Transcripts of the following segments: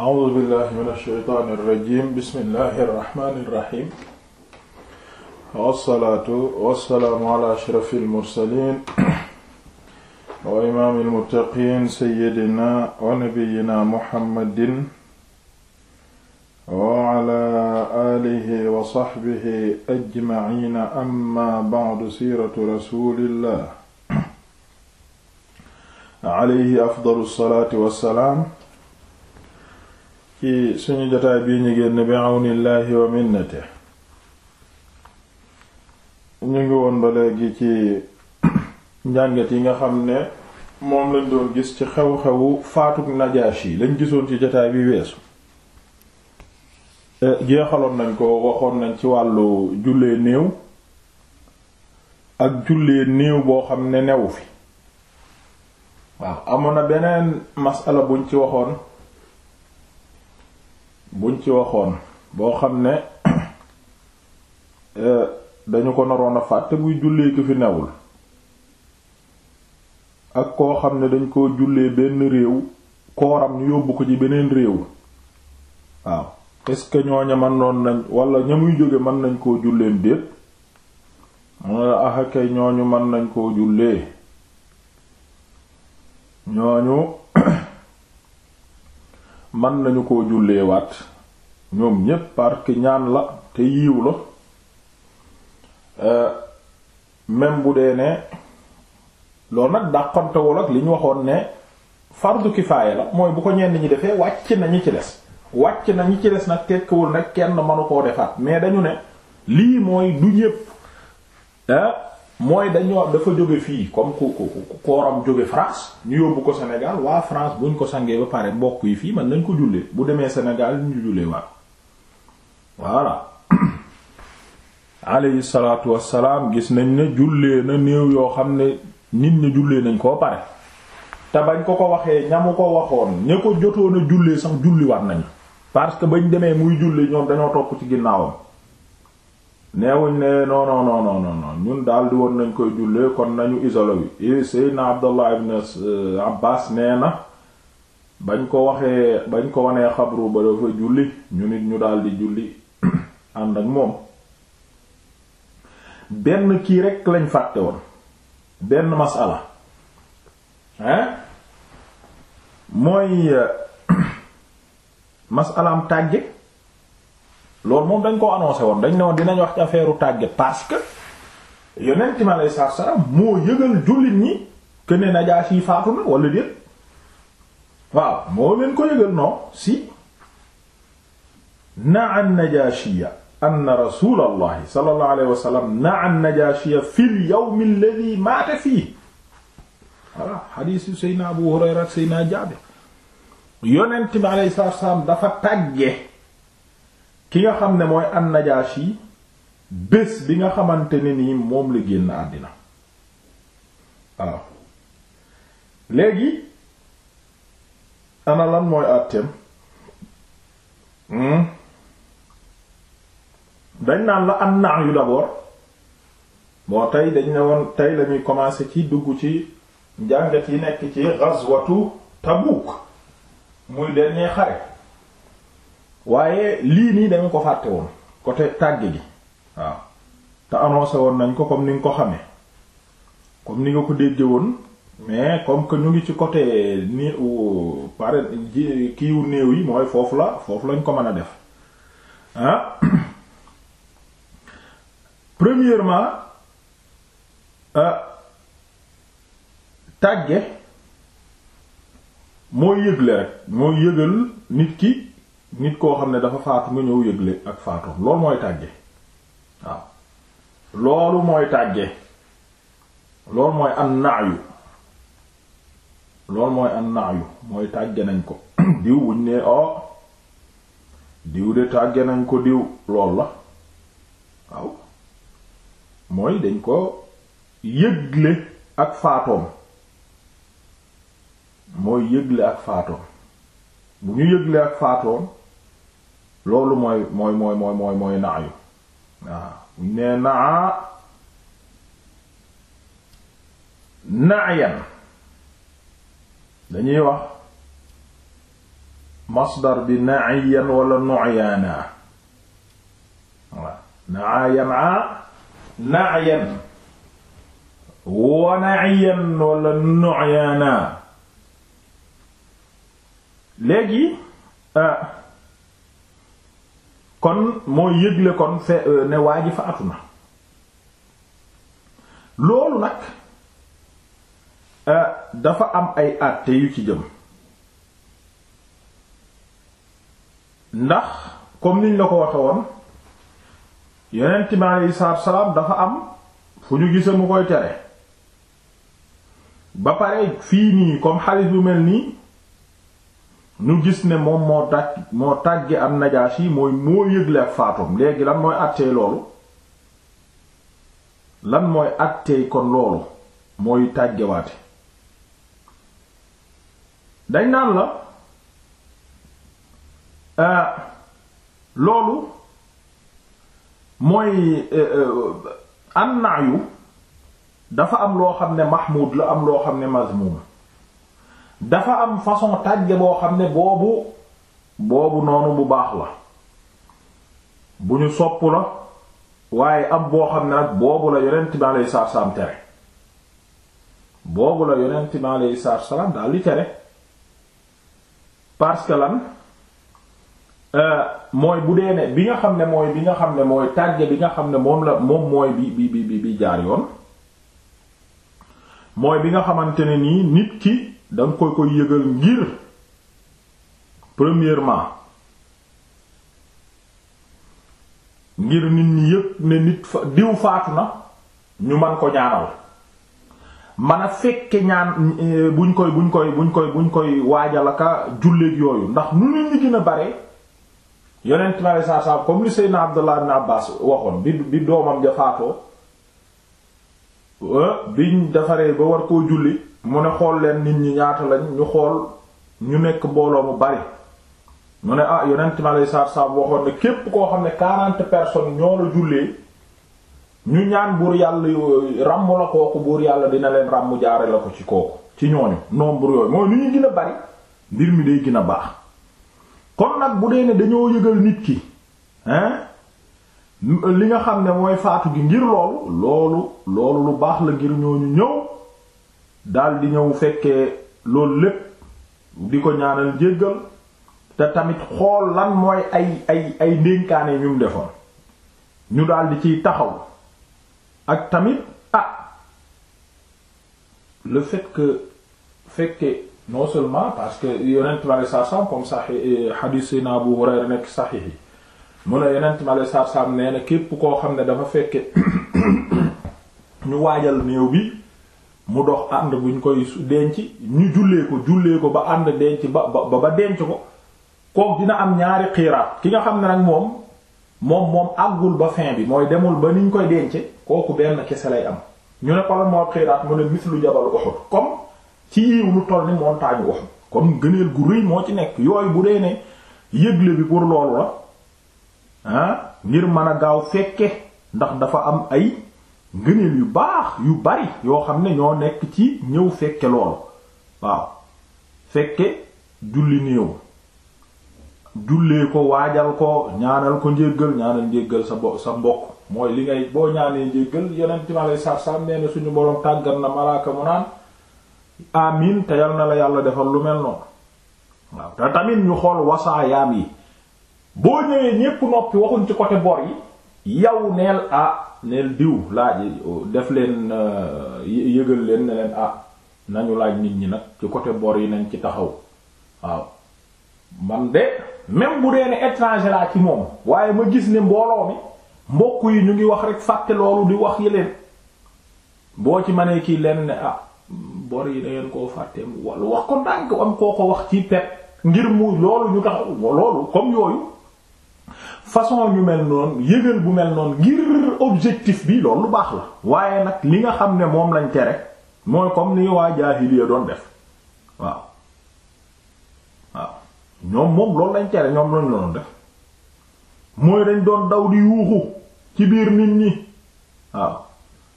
a'uuzu billahi mina shaytaani rajiim bismillahi rahmaani rahiim wassalaatu wassalaamu ala ashrafil mursaliin wa imaamil muttaqiin sayyidina wa nabiyyina muhammadin wa ala aalihi wa sahbihi ajmaciin amma ba'du siiratu rasuulillah alayhi afdalu salaatu wassalaam ci suñu jotaay bii ñu génn bi àwnillaahi wa minnate ñu ngi woon ba léegi ci njàngat yi nga xam ne moom lañ doon gis ci xew-xewu faatuk yi lañ gisoon ci jotaay bi weesu eh, jeexaloon nañ ko waxoon nañ ci wàllu jullee néew ak jullee néew boo xam ne newu fi waaw amoon na beneen masala buñ ci waxoon buñ ci waxoon boo xam ne euh, dañu ko naroon a fàtte muy jullee ki fi newul ak koo xam ne dañ ko jullee benn réew kooram ñu yóbbu ko ci beneen réew waaw est-ce que ñooña mën wala ña muy mën nañ koo julleen déet mu ah, ñooñu mën nañ koo jullee ñooñu man nañu ko julleewaat ñoom ñépp parce ñaan la te yiiw la euh, même bu dee ne loolu nag dàqantewul ak li ñu waxoon ne fardu kifaaya la mooy bu ko ñenn ñi defee wàcc na ñi ci des wàcc na ñi ci des nag tekkiwul nag kenn manu koo defaat mais dañu ne lii mooy du ñépp euh, mooy dañoo dafa jóge fii comme ku ku kooram jóge France ñu yóbbu ko Sénégal waa France buñ ko sangee ba pare mbokk yi fii man nañ ko jullee bu demee Sénégal ñu jullee waat voilà alayhi salaatu wassalaam gis nañ ne jullee na néew yoo xam ne nit ñi jullee nañ koo pare te bañ ko ko waxee ñamu ko waxoon ña ko jotoon a jullee sax julliwaat nañu parce que bañ demee muy julli ñoom dañoo topp ci ginnaawam neewuñ ne non non non non non ñun daal di woon nañ koy jullee kon nañu isolo wi Seydina Abdallah ibn uh, Abbas nee na bañ ko waxee bañ ko wanee xabru ba dafa julli ñu nit ñu daal di julli ànd ak moom benn kii rek lañ fàtte woon benn masala hein mooy uh, masalaam tàgge loolu moom dañ ko annoncé woon dañ ne woon dinañ wax ci affaire tàgge parce que yonent mi alayhi salaatu salaam moo yëgal jullit ñi que ne Najaashi faatu na wala waaw moo leen ko yëgal non si na'a an-Najaashiya anna rasuulallahi sallallahu alayhi wa sallam na'a an-Najaashiya fil yawmi maata fiihi voilà Seydina Abu Hurayra Seydina Jaabir yonent mi alayhi salaam dafa tàgge ki nga xam ne mooy an yi bés bi nga xamante ne nii moom la génn àddina waaw léegi ana mooy àtteem hmm? dañ naan la an na'yu d'abord moo tey dañ ne woon tey lañuy commencer ciy dugg ci njàngat yi nekk ci ghazwatu Tabuk muy dernier xare waaye lii nii dañu ko fàtte woon côté tàgg gi waaw te annoncé woon nañ ko comme ni nga ko xamee comme ni nga ko dégge woon mais comme que ñu ngi ci côté ni pare kiiwu néew yi mooy foofu la foofu lañ ko mën a def ah premièrement euh, tàgge mooy yëgle rek mooy yëgal nit ki nit koo xam ne dafa faatu nga ñëw yëgle ak faatoom loolu mooy tàgge waaw loolu mooy tàgge loolu mooy an naayu loolu mooy an naayu mooy tàgge nañ ko diw wuñ ne o oh, diw de tàgge nañ ko diw lool la waaw mooy dañ ko yëgle ak faatoom mooy yëgle ak faatoom bu ñu yëgle ak faatoom loolu mooy mooy mooy mooy mooy naayu naa naayan dañuy wax masdar bi naayan wala nuyaana waaw naayan a naayan wa naayan wala nuyaana léegi ah kon moo yëgle kon fe euh, ne waa ji faatu na loolu nag euh, dafa am ay àtte yu ci jëm ndax comme niñ la ko waxewoon woon yonent yi aleyhi salaatu dafa am fu ñu gise mu koy tere ba pare fii nii comme xalis bu mel nii ñu gis ne moom moo tàgg moo tàgge am Najaasi mooy moo yëgle ak faatoom léegi lan mooy àttee loolu lan mooy àttee kon loolu mooy tàggewaate dañ naan la euh, loolu mooy euh, euh, annaayu dafa am loo xam ne mahmud la am loo xam ne mazmum dafa am façon tàgge boo xam ne boobu boobu noonu bu baax la bu ñu sopp la waaye am boo xam ne nag boobu la yonent bi alayhi salaam tere boobu la yonent bi alayhi salaatu salaam daal di tere parce lan euh, mooy bu dee ne bi nga xam ne mooy bi nga xam ne mooy tàgge bi nga xam ne moom la moom mooy bi bi bi bi jaar yoon mooy bi nga xamante ne nit ki danga koy koy yëgal ngir premièrement ngir nit ñi yëpp ne nit fa diw faatu na ñu man ko ñaanal man a fekke ñaan eh, buñ koy buñ koy buñ koy buñ koy waajal aka julleek yooyu ndax nu nit ñi gën a bare yonent mi aleyhi salaatu comme li Seydina Abdullah Abbas waxoon bi bi doomam ja eh, biñ defaree ba war koo julli mu ne xool leen nit ñi ñaata lañ ñu xool ñu nekk mbooloo mu bari mu ne ah yonent mi alayhi salaatu salaam waxoon ne képp koo xam ne quarante personnes ñoo la jullee ñu ñaan buur yàlla ràmm la kooku buur yàlla dina leen ràmm jaare la ko ci kooku ci ñooñu nombre yooyu mooy nu ñu gën a bari mbir mi day gën a baax kon nag bu dee ne dañoo yëgal nit ki hein li nga xam ne mooy faatu gi ngir loolu loolu loolu lu baax la ngir ñooñu ñëw dal di ñëw fekkee loolu lépp di ko ñaanal jéggal te tamit xool lan mooy ay ay ay ndénkaane ñu mu defoon ñu dal di ciy taxaw ak tamit ah le fait que fekke non seulement parce que yonent mi alei satu salaam comme saxi eh, xadiis sayna Abu Hurayra nekk saxix yi mu ne yonent mi alei satu képp koo xam ne dama fekke ñu waajal néew bi mu dox ànd buñ koy denc ñu jullee ko jullee ko ba ànd denc ba ba ba denc ko kook dina am ñaari xiraat ki nga xam ne nag moom moom moom àggul ba fin bi mooy demul ba niñ koy dence kooku benn kese lay am ñu ne ko la moo xiraat mu ne mislu jabal Uhud comme ci yiw lu toll ni montagne Uhud comme gëneel gu rëy moo ci nekk yooyu bu dee ne yëgle bi pour loolu la ah ngir mën a gaaw fekke ndax dafa am ay ngëneel yu baax yu bari yoo xam ne ñoo nekk ci ñëw fekke loolu waaw fekke julli néew jullee ko waajal ko ñaanal ko njéggal ñaanal njéggal sa bo sa mbokk mooy li ngay boo ñaanee njéggal yonent ma lay saar saar suñu boroom tàggat na malaaka mu naan amin te yal na la yàlla defal lu mel noonu waaw te tamit ñu xool wasaayaam yi boo ñëwee ñépp noppi waxuñ ci côté bor yi yow neel ah neel diw laaj def leen euh, yëgal leen ne leen ah, nañu laaj nit ñi nag ci côté bor yi nañ ci taxaw waaw man de même bu dee ne étranger laa ci moom waaye ma gis ni mbooloo mi mbokk yi ñu ngi wax rek fàtte loolu di wax yeleen boo ci mënee kii leen ne ah bor yi da ngeen koo fàtte wala wax ko ndànk am koo ko wax ci pet ngir mu loolu ñu taxaw loolu comme yooyu façon yu mel noonu yëgal bu mel noonu ngir objectif bi loolu lu baax la waaye nag li nga xam ne moom lañ tere mooy comme ni waa jaahiliya doon def waaw waaw ñoom moom loolu lañ tere ñoom lañ doon def mooy dañ doon daw di yuuxu ci biir nit ñi waaw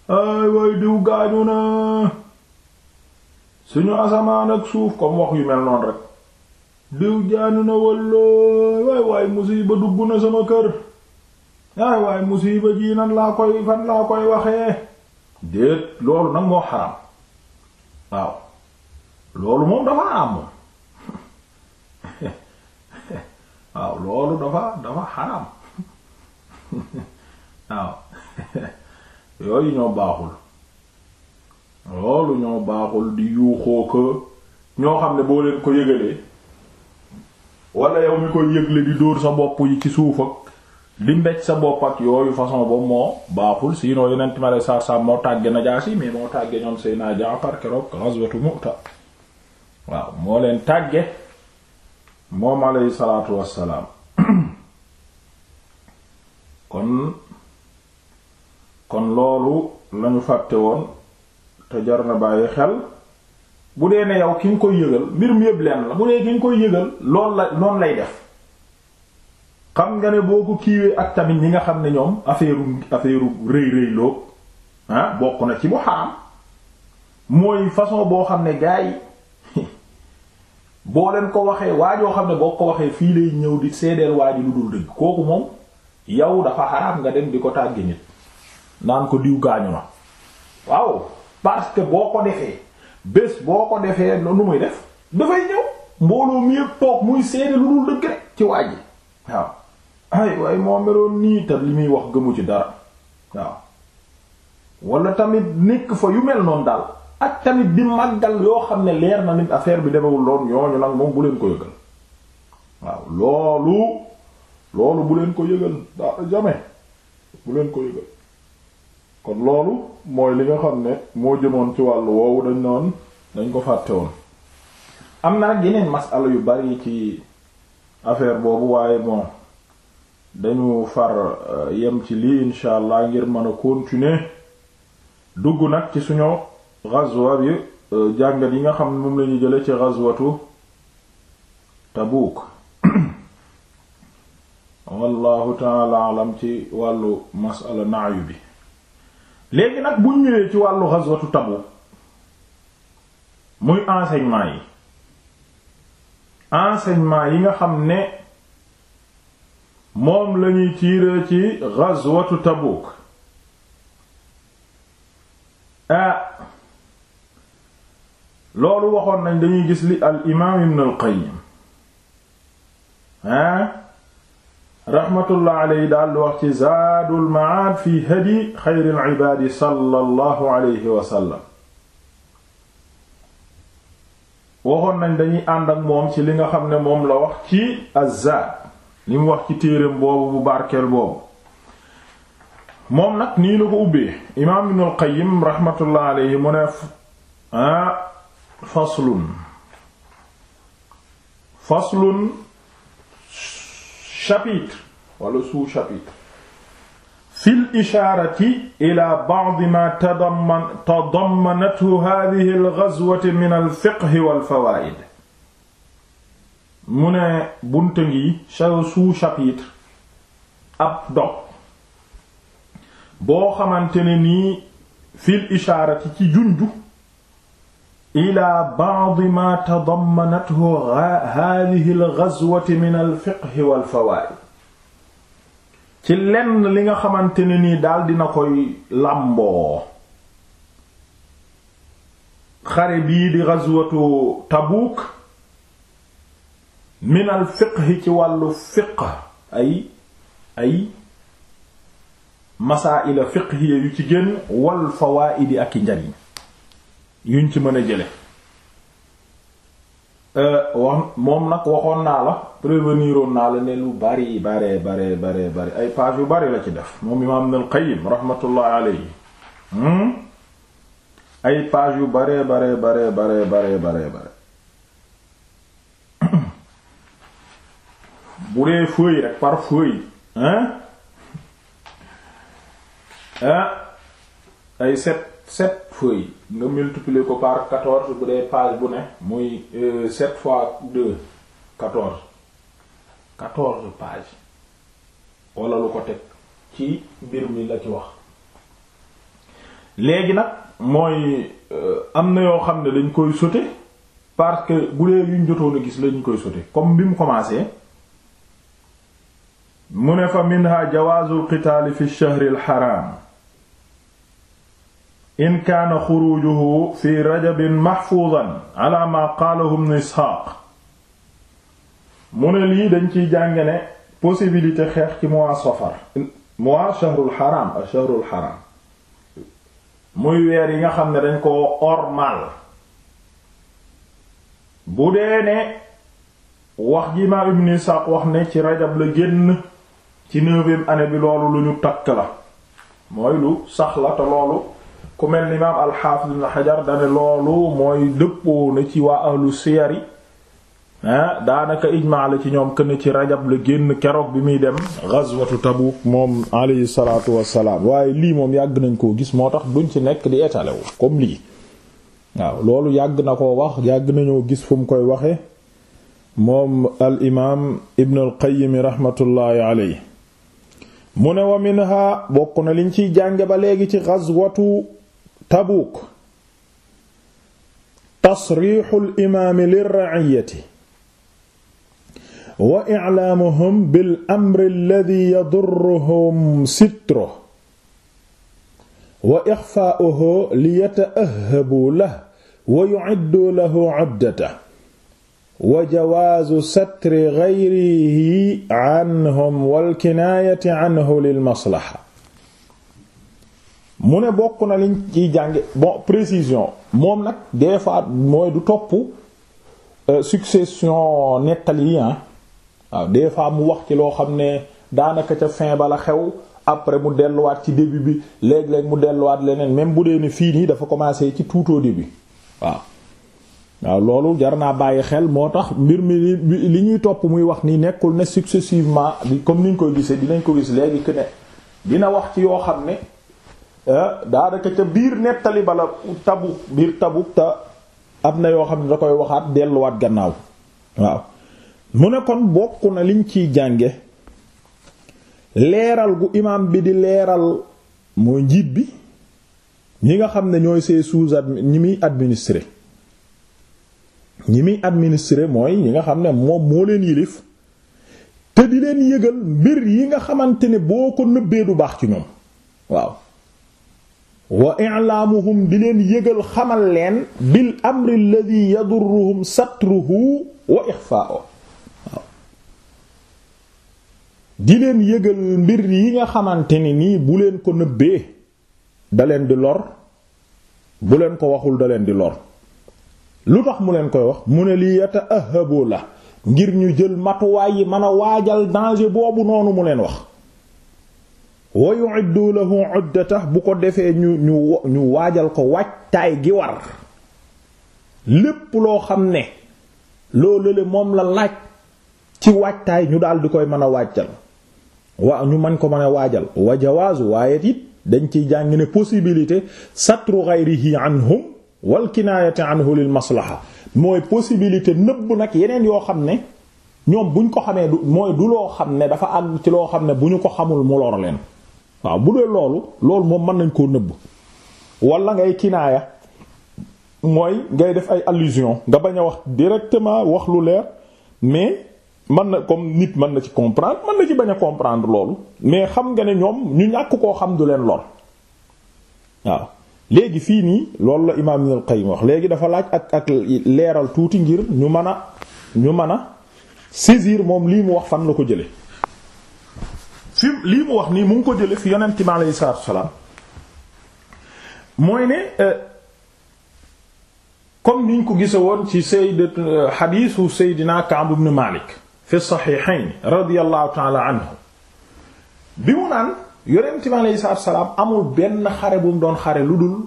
ay way diw gaañu na suñu asamaan ak suuf comme wax yu mel noonu rek diw jaanu na walloo waay waay musiba dugg na sama kër waay waay musiba ji nan laa koy fan laa koy waxee déet loolu nag moo xaram waaw loolu moom dafa xaram waaw loolu dafa dafa xaram waaw yooyu ñoo baaxul loolu ñoo baaxul di yuuxoo ko ñoo xam ne boo leen ko yëgalee wala yow mi koy yëgle di dóor sa bopp yi ci suuf di mbéj sa bopp yooyu façon boobu moo baaxul sinon yeneen ma saar saar moo tàgge na jaasi mais moo tàgge ñoom Seydina Jaafar keroog ghazwatu Mu'ta waaw moo leen tàgge moom alayhi salaatu wassalaam kon loolu lañu fàtte woon te jar na bàyyi xel bu dee ne yow ki nga koy yëgal mbir mu yëpp lenn la bu dee ki nga koy yëgal loolu la noonu lay def xam nga ne boo ko kiiwee ak tamit ñi nga xam ne ñoom affaire affaire rëy rëy loog ah, bokk na ci bu xaram mooy façon boo xam ne gars yi boo leen ko waxee waajoo xam ne boo ko waxee fii lay ñëw di seedeel waaji lu dul dëgg kooku moom yow dafa xaraam nga dem di ko tàggi nit naan ko diw gaañu na waaw parce boo ko defee bés boo ko defee nu muy def dafay ñëw mbooloo mi yëpp toog muy seede lu dul dëgg rek ci waa ji waaw ay waaye moo meloon nii te li muy wax gëmu ci dara waaw wala tamit nekk fa yu mel noonu daal ak tamit bi màggal yoo xam ne leer na nit affaire bi demewul loon ñooñu nag moom bu leen ko yëgal waaw loolu loolu bu leen ko yëgal ah, jamais bu leen ko yëgal kon loolu mooy li nga xam ne moo jëmoon ci wàllu woowu dañ noon dañ ko fàtte woon am na yeneen masala yu bari ci affaire boobu waaye moom dañu far euh, yem ci lii insha allah ngir mën a continuer dugg nag ci suñu ghazwa bi euh, jàngat yi nga xam ne moom lañu jële ci ghazwatu Tabuk wallahu taala alam ci wàllu masala naayu bi léegi nag bu ñëwee ci wàllu ghazwatu Tabuk muy enseignement yi enseignement yi nga xam ne moom lañuy tiire ci ghazwatu Tabuk ah loolu waxoon nañ dañuy gis li al imaam Ibn al Qayyim ah, rahmatullah alayhi daal di wax ci zaadul maad fi hadi xayril ibaadi sallallahu alayhi wa waxoon nañ dañuy àndak moom ci li nga xam ne moom la wax ci azzaad li wax ci téereem boobu bu barkeel boobu moom nag nii la ko ubbee imaam ibnul qayyim rahmatullah alayhi mu ne ah, faslun chapitre wala sous-chapitre fi l-ishaarati ilaa ba'di maa tadammanathu haadhihi l-ghazwatu min al-fiqhi wal-fawaa'id mu ne bunta ngi sous-chapitre ab dog boo xamante ne nii fi l-ishaarati ci junju ila ba'di ma tadammanathu haadihi al-ghazwati min al-fiqhi wal ci lenn li nga xamante nii daal dina koy làmboo xare bii di ghazwatu Tabuuk min al-fiqhi ci wàllu fiqh ay ay masaa'ila fiqhiyya yu ci génn wal-fawaa'idi ak i njariñ yuñ ci mën a jële euh, wax moom nag waxoon naa la préveniroon naa la ne lu bari bare bare bare bari ay page yu bari la ci def moom imaam Ibnul Qayyim rahmatullahi alayhi hmm? ay page yu bare bari bare bare bare bare bu dee feuille rek par feuille ah, ay set sept feuilles nga multiplier ko par quatorze bu dee page bu ne muy euh, sept fois deux quatorze quatorze pages wala lu ko teg ci mbir mi la ci wax léegi nag mooy euh, am na yoo xam ne dañ koy sauter parce que bu dee yuñ jotoon gis lañ koy sauter comme bi mu commencé mu ne fa minha jawaazu qitaali fi shahril haram in kaana xuruujuhu fi rajabin maxfuudan ala ma qaalahu ibn isxaaq mu ne lii dañ ciy jànge ne possibilité xeex ci mois safar mois shahrul xaram ak shahrul xaram muy weer yi nga xam ne dañ ko ormal bu dee ne wax ji imaam ibn isxaaq wax ne ci rajab la génn ci neuvième année bi loolu lu ñu takk la mooy lu sax la te loolu ku mel ni imaam alxaafis ibn xajar dane loolu mooy dëppoo na ci waa ahlu siyari ah daanaka ijmaa la ci ñoom kenn ci rajab la génn keroog bi muy dem gazwatu Tabuk moom alayhi salaatu wassalaam waaye lii moom yàgg nañ koo gis moo tax duñ ci nekk di étalé wu comme lii waaw loolu yàgg na koo wax yàgg nañoo gis fu mu koy waxe moom al imaam ibn al qayyim mu ne wa minha bokk na liñ ciy jànge ba léegi ci gazwatu tabuuk tasriixul imaami lirraciyati wa iclaamuhum bil amri alladi yadurruhum sitruhu wa ixfaa'uhu liyata'ahhabuu lahu wa yucidduu lahu cabdatahu wa jawaazu satri gayrihi canhum wal kinaayati canhu lil maslaxa mu ne bokk na liñ ciy jànge bon précision moom nag des fois mooy du topp euh, succession nettali waaw des fois mu wax ci loo xam ne daanaka ca fin bala xew après mu delluwaat ci début bi léegi léeg mu delluwaat leneen même bu dee ni fii nii dafa commencé ci tout au début waaw waaw loolu jar naa bàyyi xel moo tax mbir mi li ñuy topp muy wax ni nekkul ne successivement comme niñ koy gisee dinañ ko gis léegi que ne dina wax ci yoo xam ne Eh, daanaka ca biir nettali bala Tabuk biir tabu te am na yoo xam ne da koy waxaat delluwaat gannaaw waaw mu ne kon bokk na liñ ciy jànge leeral gu imaam bi di leeral mooy njiit bi ñi nga xam ne ñooy ses sous ñi muy administrer ñi muy administrer mooy ñi nga xam ne moom moo leen yilif te di leen yëgal mbir yi nga xamante ne boo ko nëbbee du baax ci ñoom waaw wa i'laamuhum di leen yëgal xamal leen bil amri alladhi yadurruhum satruhu wa ixfaa'uhu di leen yëgal mbir yi nga xamante ni nii bu leen ko nëbbee da leen di lor bu leen ko waxul da leen di lor lu tax mu leen koy wax mu ne lii yata'ahhabu la ngir ñu jël matuwaay yi mën a waajal danger boobu noonu mu leen wax wa yu'iddu lahu 'uddatahu bu ko defee ñu ñu ñu waajal ko waajtaay gi war lépp loo xam ne loo le moom la laaj ci waajtaay ñu daal di koy mën a waajal wa ñu mën ko mën a waajal wa jawaazu waaye it dañ ciy jàng ne possibilité satru ghayrihi anhum wal kinaayati anhu mooy possibilité nëbb nag yeneen yoo xam ne ñoom buñ ko xamee mooy du loo xam ne dafa àgg ci loo xam ne bu ñu ko xamul mu lor leen waaw bu dee loolu loolu moom mën nañ koo nëbb walla ngay kinaaya mooy ngay def ay allusion nga bañ a wax directement wax lu leer mais mën na comme nit mën na ci comprendre mën na ci bañ a comprendre loolu mais xam nga ne ñoom ñu ñàkk koo xam du leen lool waaw léegi fii nii loolu la imaam Ibn al wax léegi dafa laaj ak ak leeral tuuti ngir ñu mën a ñu mën a saisir moom lii mu wax fan la ko jële fi lii mu wax nii mu ngi ko jële fi yonent mi aleyhi salaatu mooy ne euh, comme niñ ko gise woon ci sayd xadiisu euh, seydina Ka'b ibn Malik fi saxiixayn radiyallahu taala anhu bi amul benn xare bu mu doon xare lu dul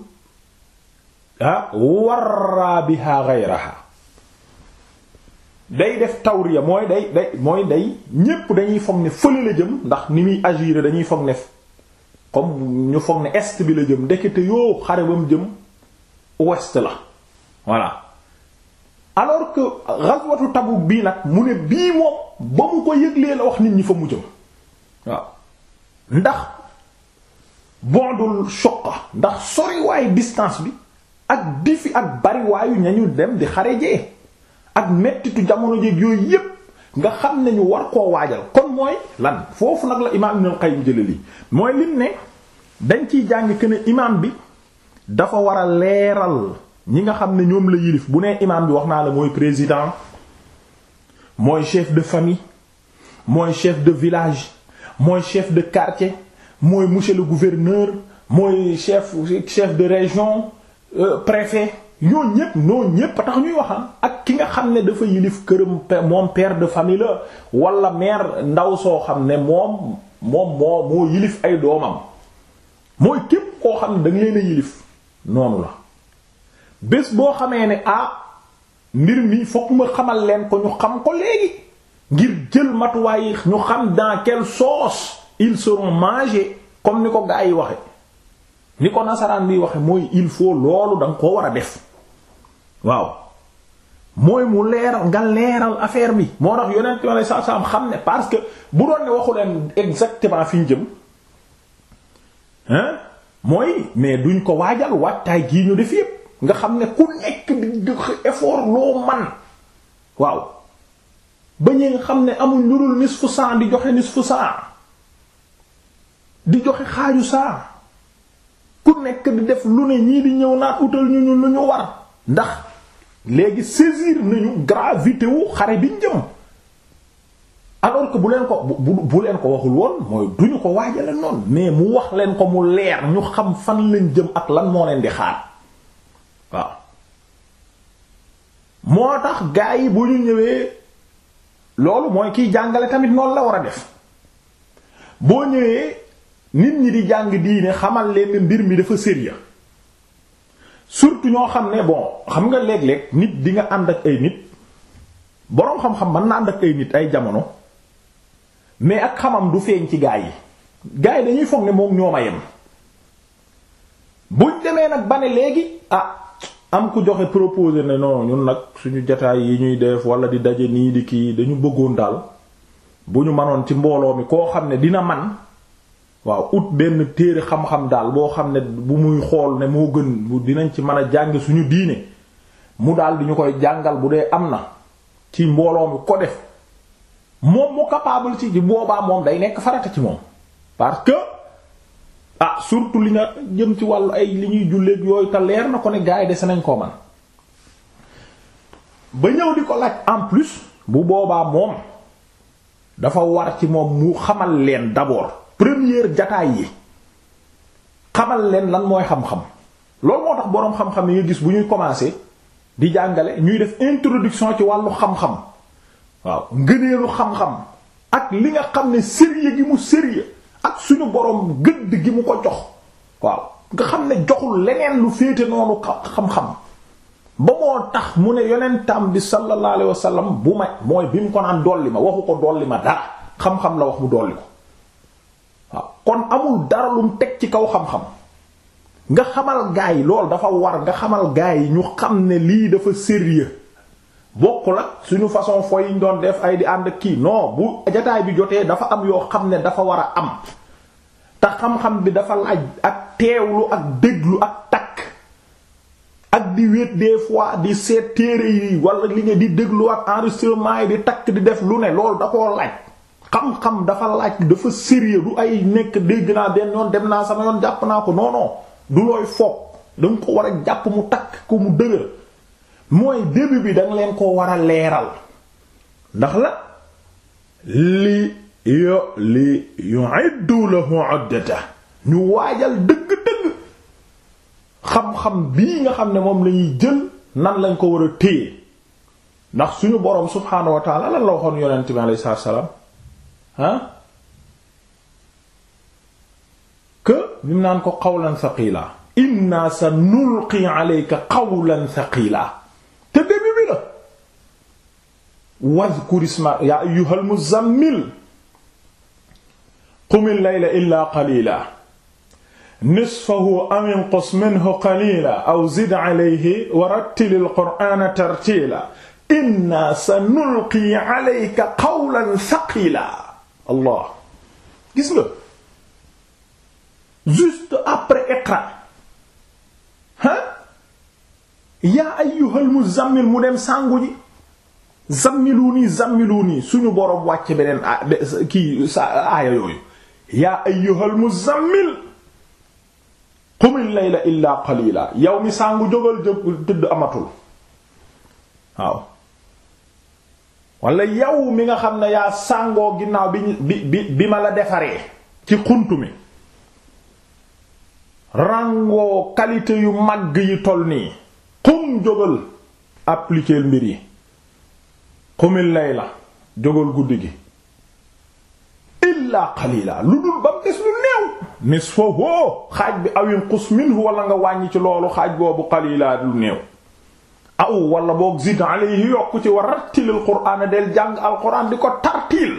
ah, warraa biha ghayraha day def tawriya mooy day day mooy day ñépp dañuy foog ne fële la jëm ndax ni muy agir dañuy foog ne comme ñu foog ne est bi la jëm ndekete yoo xare ba mu jëm ouest la voilà alors que ghazwatu Tabuk bii nag mu ne bii moo ba mu ko yëglee la wax nit ñi fa mu jëm waaw ndax bondul shoqa ndax soriwaayu distance bi ak difi ak bariwaayu ñañu dem di xare ak mettitu jamono jéeg yooyu yépp nga xam ne ñu war koo waajal kon mooy lan foofu nag la imaam Ibn Qayyim jële lii mooy lim ne dañ ciy jàng que ne imaam bi dafa war a leeral ñi nga xam ne ñoom la yilif bu nee imaam bi wax naa la mooy président mooy chef de famille mooy chef de village mooy chef de quartier mooy monsieur le gouverneur mooy chef chef de région euh, préfet ñoo ñëpp ñoo ñëpp a tax ñuy wax ak ki nga xam ne dafa yilif këram moom père de famille la wala mère ndaw soo xam ne moom moom moo yilif ay doomam mooy képp koo xam ne danga nga leen a yilif noonu la bés boo xamee ne ah mbir mi fokk ma xamal leen ko ñu xam ko léegi ngir jël matuwaay ñu xam dans quelle sauce ils seront mangés comme ni ko gaa yi waxe ni ko nasaraan bi waxe mooy il faut loolu danga nga koo war a def waaw mooy mu leeral nga leeral affaire bi moo tax yonent yonent saa saam xam ne parce que bu doon ne waxu leen exactement fi ñu jëm hein mooy mais duñ ko waajal wattaay gii ñu def yépp nga xam ne ku nekk di waaw ba xam ne amul ñu dul saa di joxe nisfu saa di joxe xaaju saa ku nekk def lu ñii di ñëw naan utal ñu ñu lu ñu war ndax léegi saisir nañu gravité wu xare bi njëm alors que bu leen ko bu bu leen ko waxul woon mooy duñu ko waajale noonu mais mu wax leen ko mu leer ñu xam fan leen jëm ak lan moo leen di xaar waaw moo tax gaa yi bu ñu ñëwee loolu mooy kiy jàngale tamit noonu la war a def boo ñëwee nit ñi di jàng diine xamal leen ne mbir mi dafa sérieux surtout ñoo xam ne bon xam nga léeg-léeg nit di nga ànd ak ay nit boroom xam-xam mën na ànd ak ay nit ay jamono mais ak xamam du feeñ ci gaa yi gaa yi dañuy foog ne moom ñoo ma yem buñ demee nag ba léegi ah am ku joxe proposé ne non ñun nag suñu jataay yi ñuy def wala di daje nii di kii dañu bëggoon daal bu ñu mënoon ci mbooloo mi koo xam ne dina man waaw ut benn téere xam-xam daal boo xam ne bu muy xool ne moo gën bu dinañ ci mën a jàng suñu diine mu daal di ñu koy jàngal bu dee am na ci mbooloo mi ko def moom mu capable ci boobaa moom day nekk farata ci moom parce que ah surtout li jëm ci wàllu ay li ñuy julleek leer na ko ne gars yi dese nañ koo ba ñëw ko laaj en plus bu boobaa moom dafa war ci moom mu xamal leen d'abord première jataay yi xamal leen lan mooy xam-xam loolu moo tax boroom xam-xam yi nga gis bu ñuy commencer di jàngale ñuy def introduction ci wàllu xam-xam waaw ngëneelu xam-xam ak li nga xam ne sérieux gi mu sérieux ak suñu boroom gëdd gi mu ko jox waaw nga xam ne joxul leneen lu féete noonu xam-xam ba moo tax mu ne yonentam bi sallallahu alayhi wasallam bu ma mooy bi mu ko naan dolli ma waxu ko dolli ma dara xam-xam la wax mu dolli ko kon amul dara lum teg ci kaw xam-xam nga xamal gaa yi loolu dafa war nga xamal gaa yi ñu xam ne lii dafa sérieux bokk la suñu façon fooy yi ñu doon def ay di ànd kii noo bu jataay bi jotee dafa am yoo xam ne dafa war a am te xam-xam bi dafa laaj ak teewlu ak déglu ak takk ak di wéet des fois di seet téere yi wala li nga di déglu ak enregistrement yi di takk di def lu ne lool da koo laaj. xam-xam dafa laaj dafa sérieux du ay nekk dégg naa benn yoon dem naa sama yoon jàpp naa ko noonoo non du looy foog da ko war a jàpp mu takk ko mu dëgër mooy début bi da leen ko war a leeral ndax la li yo li yu'iddu lahu 'uddata ñu waajal dëgg-dëgg xam-xam bii nga xam ne moom lañuy jël nan lañ ko war a téye ndax suñu boroom subhaanahu wa ta'ala lan la waxoon yonent bi alayhi salaam ah que bi mu naan ko qawlan thaqila inna sa nulqi alayka qawlan thaqila te début bi la wadhkur isma ya ayyuhal muzammil qumil layla illa qalila nisfahu aw inqus minhu qalila aw zid alayhi wa rattilil qur'ana tartila inna sa nulqi alayka qawlan thaqila allah gis nga juste après iqra ha yaa ayyuhal muzammil mu dem sangu ji zammilu nii zammilu nii suñu boroom wàcc beneen kii sa aaya yooyu yaa ayyuhal muzammil qumil layla illaa qalila yow mi sangu jógal jóg tëdd amatul waaw wala yow mi nga xam ne yaa sàngoo ginnaaw bi bi bi ma la defaree ci xunt mi ràngoo qualité yu màgg yi toll nii xum jógal appliquer mbir yi xumil lay la jógal guddi gi illaa qalila lu dul ba mu lu néew nisfahu xaaj bi awin qus minhu wala nga wàññi ci loolu xaaj boobu qalila lu néew aw wala boog zid alayhi yokk ci war rattilil qur'ana del jàng alquran di ko tartiil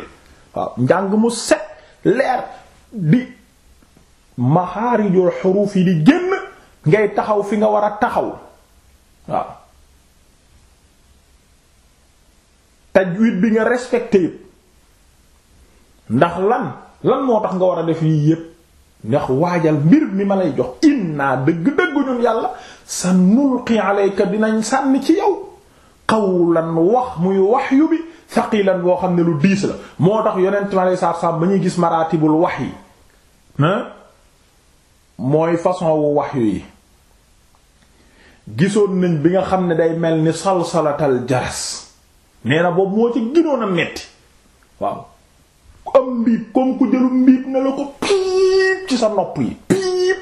waaw njàng mu set leer di maxaarijul xuruuf yi di génn ngay taxaw fi nga war a taxaw waaw tajwid bi nga respecté ndax lan lan moo tax nga war a def yii yëpp ndax waajal mbir mi ma lay jox inna dëgg-dëgg ñun yàlla sa nulqi alayka dinañ sànni ci yow qawlan wax muy wahyu bi saqilan boo xam ne lu diis la moo tax yonent mi alayhi salaatu salaam ba ñuy gis maraatibul yi mooy façon wu wahyu yi gisoon nañ bi nga xam ne day mel ni salsalatal jaras nee na boobu moo ci ginoon a metti waaw ku am mbiib comme ku jëlu mbiib ne la ko piip ci sa nopp yi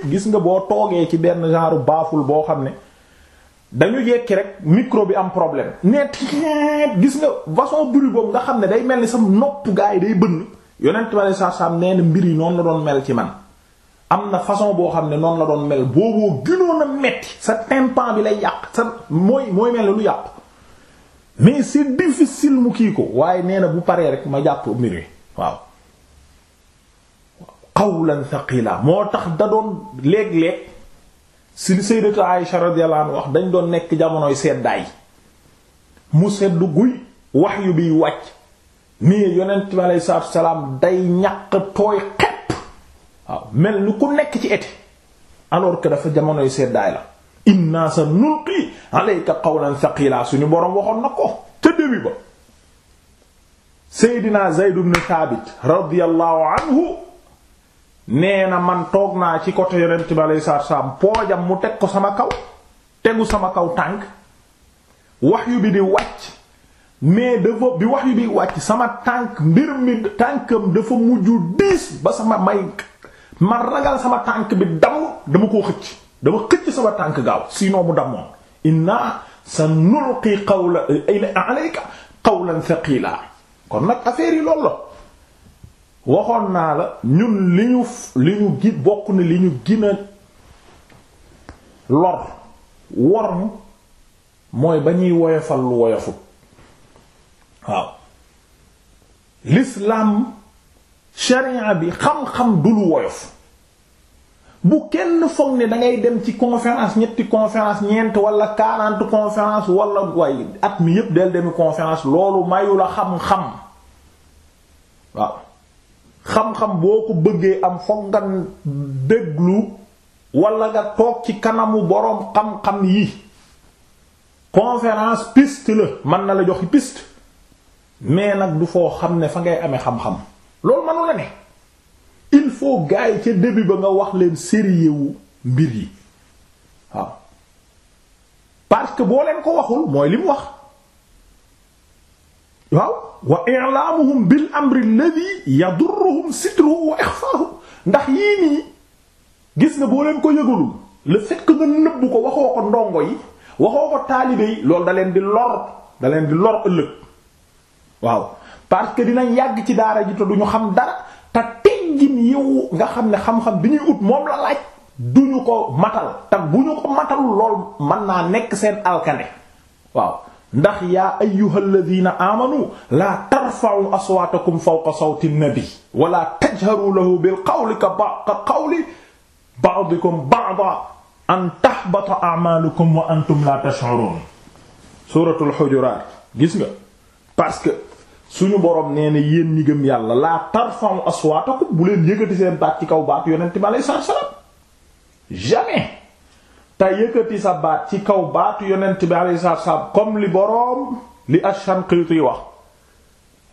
gis nga boo toogee ci benn genre baaful boo xam ne dañu yekki rek micro bi am problème net gis nga façon bruit boobu nga xam ne day mel ni sa nopp gaa yi day bënn yonent ma ne nee na mbir yi noonu la doon mel ci man am na façon boo xam ne noonu la doon mel booboo gënoon a metti sa tympan bi lay yàq sa mooy mooy mel ni lu yàpp mais c'est difficile mu kii ko waaye nee na bu paree rek ma jàpp mbir yi waaw qawlan thaqila moo tax da doon léeg-léeg si li sayyidatu Aisha radiyallahu wax dañ doon nekk jamonoy seddaay mu seddu guy wahyu biy wàcc nii yonent bi alayhi salaatu salaam day ñaq tooy xepp waaw mel ni ku nekk ci été alors que dafa jamonoy seddaay la inna sa nulqi alayka qawlan thaqila suñu boroom waxoon na ko ca début ba seydina Zayd ibn Thabit radiyallahu anhu nee na man toog naa ci côté yonent bi alayhi salaatu salaam poojam mu teg ko sama kaw tegu sama kaw tànk wahyu bi di wàcc mais dafa bi yu bi wàcc sama tànk mbir mi tànkam dafa mujj diis ba sama may ma ragal sama tànk bi damm dama koo xëcc dama xëcc sama tànk gaaw sinon mu dammoon inna sanulqi qawla alayka qawlan thaqila kon nag affaire yi loolu la waxoon naa la ñun li ñu li ñu gi bokk na li ñu gina lor worn mooy ba ñuy woyofal lu woyofut waaw l'islam sharia bi xam-xam du lu woyof bu kenn foog ne da ngay dem ci conférence ñetti conférence ñeent wala quarante conférence walla way at mi yépp del demi conférence loolu mayu la xam-xam waaw xam-xam boo ko bëggee am foog nga déglu wala nga toog ci kanamu boroom xam-xam yi conférence piste la mën na la jox piste mais nag du foo xam ne fa ngay amee xam-xam loolu mënu la ne il faut gars yi ca début ba nga wax leen sérieux wu mbir yi parce que boo leen ko waxul mooy li wax. waaw wa i'lamuhum bil amri alladhi yadurruhum sitruhu wa ikhfaa'uhu ndax yii nii gis nga boo leen ko yëgalul le fait que nga nëbbu ko waxoo ko ndongo yi waxoo ko taalibe yi loolu da leen di lor da leen di lor ëllëg waaw parce que dinañ yàgg ci daara ji te duñu xam dara te teggin yiw nga xam ne xam-xam bi ñuy ut moom la laaj duñu ko matal te bu ñu ko matalul lool mën naa nekk seen alkane waaw ndax yaa ayyuhal ladina amanu laa tarfa'u aswaatakum fawqa sawti nabi wala tajharu lahu bil qawli ka qawli ba'dikum ba'dan an tahbata a'malukum wa antum la tash'urun suratul hujurat gis nga parce que suñu borom nee na yéen ñi gëm yàlla laa tarfa'u aswaatakum bu leen yëgati seen baat ci kaw baat yonent bi alayhi salaam jamais te yëkkati sa baat ci kaw baatu yonent bi sa salaatu salaam comme li boroom li Ash-Shanqiti wax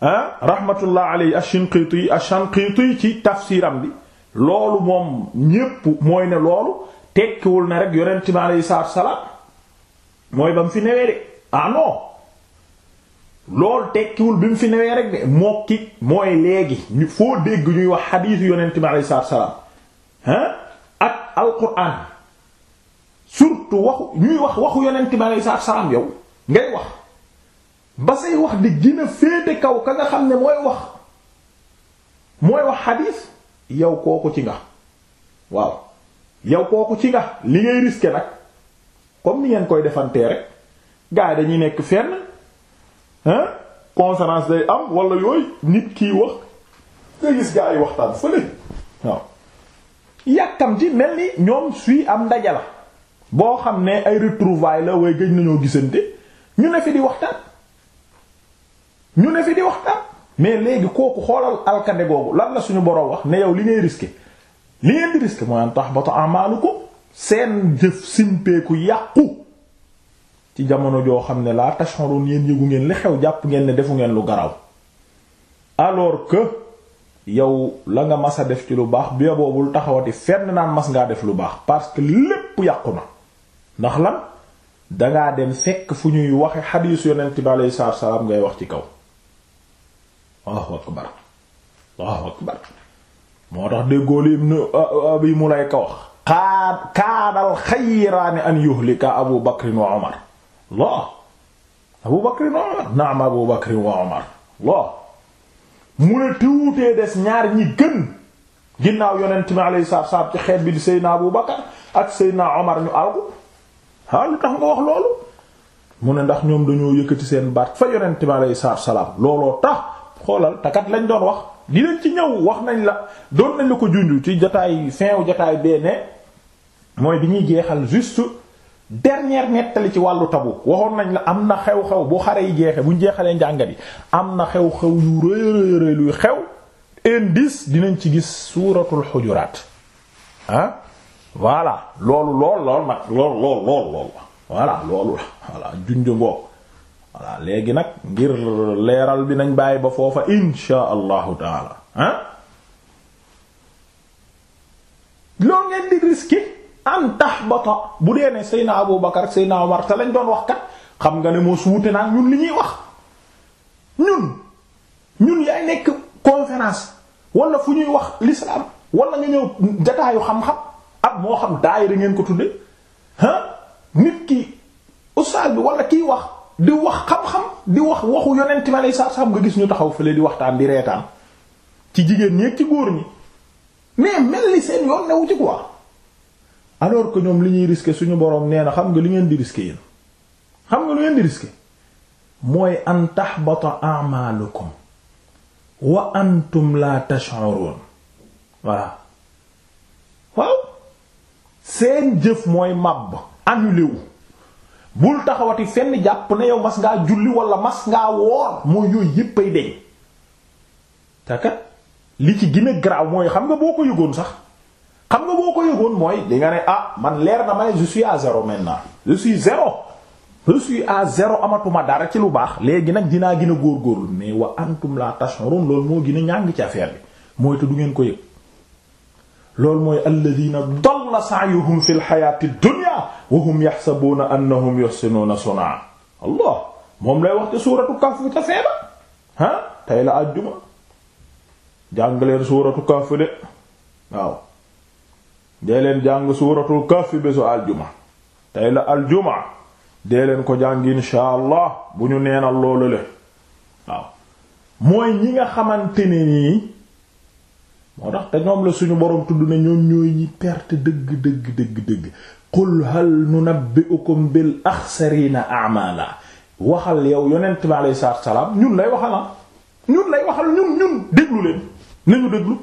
ah rahmatullah alayhi Ash-Shanqiti ash ci tafsiram bi loolu moom ñépp mooy ne loolu tekkiwul na rek yonent bi alayhi salaatu salaam mooy ba mu fi newee de ah non tekkiwul bi mu fi newee rek de mokki mooy léegi foo dégg ñuy wax xadiisu yonent bi alayhi salaatu salaam ah ak alquran. surtout waxu ñuy wax waxu yeneen bi aleyhi salaatu salaam yow ngay wax ba say wax di gën a féete kaw ka nga xam ne mooy wax mooy wax xadiis yow kooku ci nga waaw yow kooku ci nga li ngay risqué nag comme li ngeen koy defantee rek gars yi dañuy nekk fenn hein conférence day am wala yooyu nit kiy wax nga gis gars yi waxtaan fële waaw yàkkam ci mel ni ñoom suy am ndaje la boo xam ne ay retrouvailles la way gëj nañoo gisante ñu ne fi di waxtaan ñu ne fi di waxtaan mais léegi kooku xoolal alkande googu lan la suñu borom wax ne yow li ngay risqué li ngeen di risqué mooy tax ba amaalu ko seen jëf simpeeku yàqu ci jamono joo xam ne laa tachonroon yéen yëgu ngeen li xew jàpp ngeen ne defu ngeen lu garaw alors que. yow la nga mas def ci lu baax bi boobul taxawati fenn naan mas ngaa def lu baax parce que lépp yàqu na ndax lan danga dem fekk fu ñuy waxe xadiis yonent bi aleyhi salaam ngay wax ci kaw Allahu akbar Allahu akbar moo tax déggoo lim mu lay ka wax xaad kaadal xayraani an yuhlika abu bakrin wa omar la abu bakrin wa omar naam abu bakrin wa omar la mu ne tuutee des ñaar ñi gën ginnaaw yonent bi aleyhi salaatu salaam ci xeet bi di seydna abu bakar ak seydna omar ñu alku ah lu tax nga wax loolu mu ne ndax ñoom dañoo yëkkati seen baat fa yonent bi alayhi salaam looloo tax xoolal takat lañ doon wax di ci ñëw wax nañ la doon nañ la ko junj ci jotaay fin jotaay bee mooy bi ñuy jeexal juste dernière nettali ci wàllu tabu waxoon nañ la am na xew-xew bu xare yi jeexee buñ jeexalee njàngat yi am na xew-xew yu rëy rëy luy xew indice dinañ ci gis suuratul xujuraat ah? voilà loolu lool lool nag lool lool lool lool voilà loolu la voilà junj ngoog voilà léegi nag ngir leeral bi nañ bàyyi ba foofa insha allahu taala ah loo ngeen di risqué an tahbata bu dee ne Seyna Abu Bakar Seyna Umar te lañ doon wax kat xam nga ne moo su wute naan ñun li ñuy wax ñun ñun yaay nekk conférence wala fu ñuy wax l'islam wala nga ñëw jataayu xam-xam. ab moo xam daayira ngeen ko tudde ah nit ki ustaas bi wala kiy wax di wax xam-xam di wax waxu yonent ma lay sa sam nga gis ñu taxaw fële di waxtaan di reetaan ci jigéen ñi ak ci góor ñi mais mel ni seen yoon newu ci quoi alors que ñoom li ñuy risqué suñu boroom nee na xam nga lu ngeen di risqué yéen xam nga lu ngeen di risqué mooy an tahbata a'malukum wa antum la tash'urun voilà seen jëf mooy màbb annulé wu bul taxawati fenn jàpp na yow mas ngaa julli wala mas ngaa woor mooy yooyu yépp ay deñ te kat li ci gën a garaaw mooy xam nga boo ko yëgoon sax xam nga boo ko yëgoon mooy dinga nga ne ah man leer na ma ne je suis à zéro maintenant je suis zéro je à zéro amatuma dara ci lu baax léegi nag dinaa gën góor góorgóorlu mais wa antum la tashurun loolu moo gën a ñàng ci affaire bi mooy te du ngeen ko yëg loolu mooy alladina dalla sa'yuhum fi lxayaati dunya wa hum yaxsabuuna annahum yuxsinuuna sun'a allah moom lay wax ci suuratu Kahf ta feeba ah tey la àjjuma jàngleen suuratu Kahf de waaw dee leen jàng suuratul Kahf bésu àjjuma tey la aljuma dee leen ko jàng inshaa allah bu ñu neenal loolu le waaw mooy ñi nga xamante nii moo tax te ñoom la suñu boroom tudd ne ñoom ñooy ñi perte dëgg dëgg dëgg dëgg qul hal nunabbi'ukum bil axsarina a'mala waxal yow yonent bi alayhi salaatu salaam ñun lay waxal ah ñun lay waxal ñun ñun déglu leen nañu déglu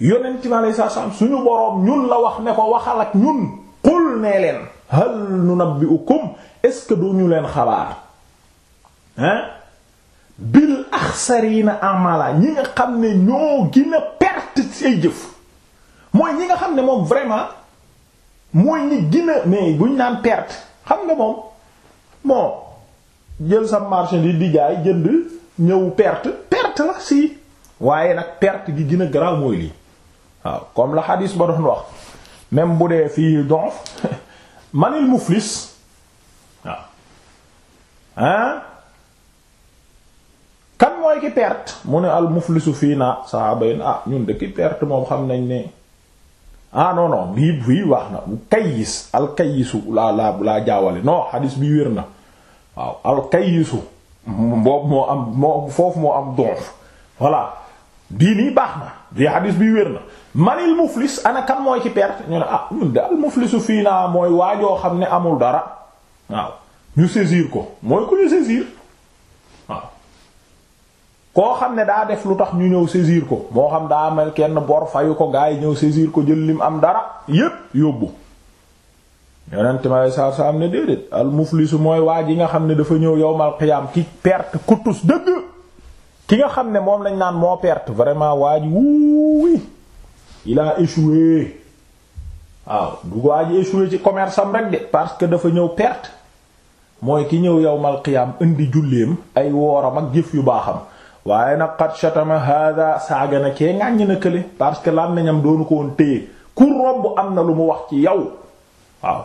yonent bi alayhi salaam suñu boroom ñun la wax ne ko waxal ak ñun qul nee leen hal nunabbi'ukum est-ce que ñu leen xalaat hein bil axsarina a'mala ñi nga xam ne ñoo gën gàtt say jëf mooy ñi nga xam ne moom vraiment mooy ñi gina mais buñ naan perte xam nga moom moo jël sa marchandise di jaay jënd ñëw perte perte la si waaye nag perte gi gën a garaaw mooy lii waaw comme la xadis ba doon wax même bu dee fii donf manil muflis waaw mooy ki perte mu ne al muflisu fii naa saaba yi ah ñun de ki perte moom xam nañ ne ah non non bii bii wax na kayis al kayisu laa laa laa jaawale non xadis wér na waaw foofu moo am donf voilà bii nii baax na bii bi wér na manil muflis ana kan mooy ci perte ñu ne ah ñun de al muflisu fii mooy waajoo xam ne amul dara waaw ñu saisir ko mooy ku ñu saisir. koo xam ne daa def lu tax ñu ñëw saisir ko moo xam daa amel kenn bor fayu ko gaa yi ñëw saisir ko jël lim am dara yépp yóbbu yonent ma lay saa am ne déedéet al mooy waa yi nga xam ne dafa ñëw yow qiyaam ki perte kutus dëgg ki nga xam ne moom lañ naan moo perte vraiment waa ji wuuwi il a waaw du waa ji échoué ci commerce rek de parce que dafa ñëw perte mooy ki ñëw yowmal qiyaam indi julleem ay wooram ak jëf yu baaxam waaye nag xat shatama saaga na kee ŋàññ na kële parce que lan nañam doonu ko woon téye ku romb am na lu mu wax ci yow waaw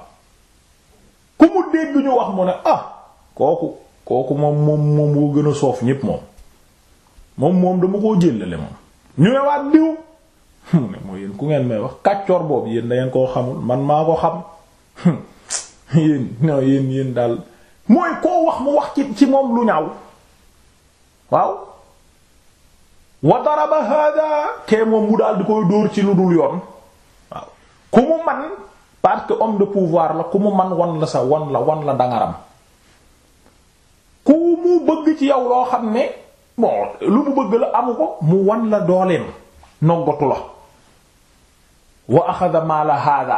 ku mu dégg ñu wax mu ne ah kooku kooku moom moom moom moo gën a soof ñépp moom moom moom dama koo jëllale moom ñu ne waat diw mu ku ngeen may wax kàccoor boobu yéen dangeen koo xamul man maa ko xam yéen non yéen daal mooy koo wax mu wax ci ci moom lu ñaaw waaw wa daraba hada kee moom mu daal di koy dóor ci lu dul yoon waaw ku mu man parce que de pouvoir la ku mu man wan la sa wan la wan la dangaram ku mu bëgg ci yow loo xam ne bon lu mu bëgg la amu ko mu wan la dooleem noggatu la wa axada mala hada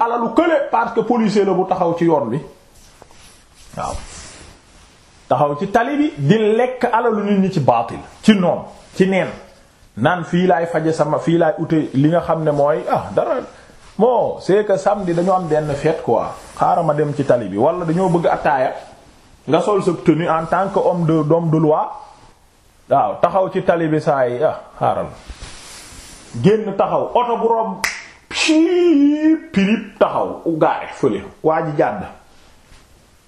alalu kële parce que policier la bu taxaw ci yoon bi waaw taxaw ci tali bi di lekk alalu nit ñi ci baatil ci noon ci neen naan fii laay faje sama fii laay ute li nga xam ne mooy ah dara bon c'est que samedi dañoo am benn fête quoi xaaral ma dem ci tali bi wala dañoo bëgg attaaya nga sol sa tenue en tant que homme de doom de loi waaw taxaw ci tali bi saa yi ah xaaral génn taxaw oto bu rob pirip taxaw u gaare fële waa ji jàdd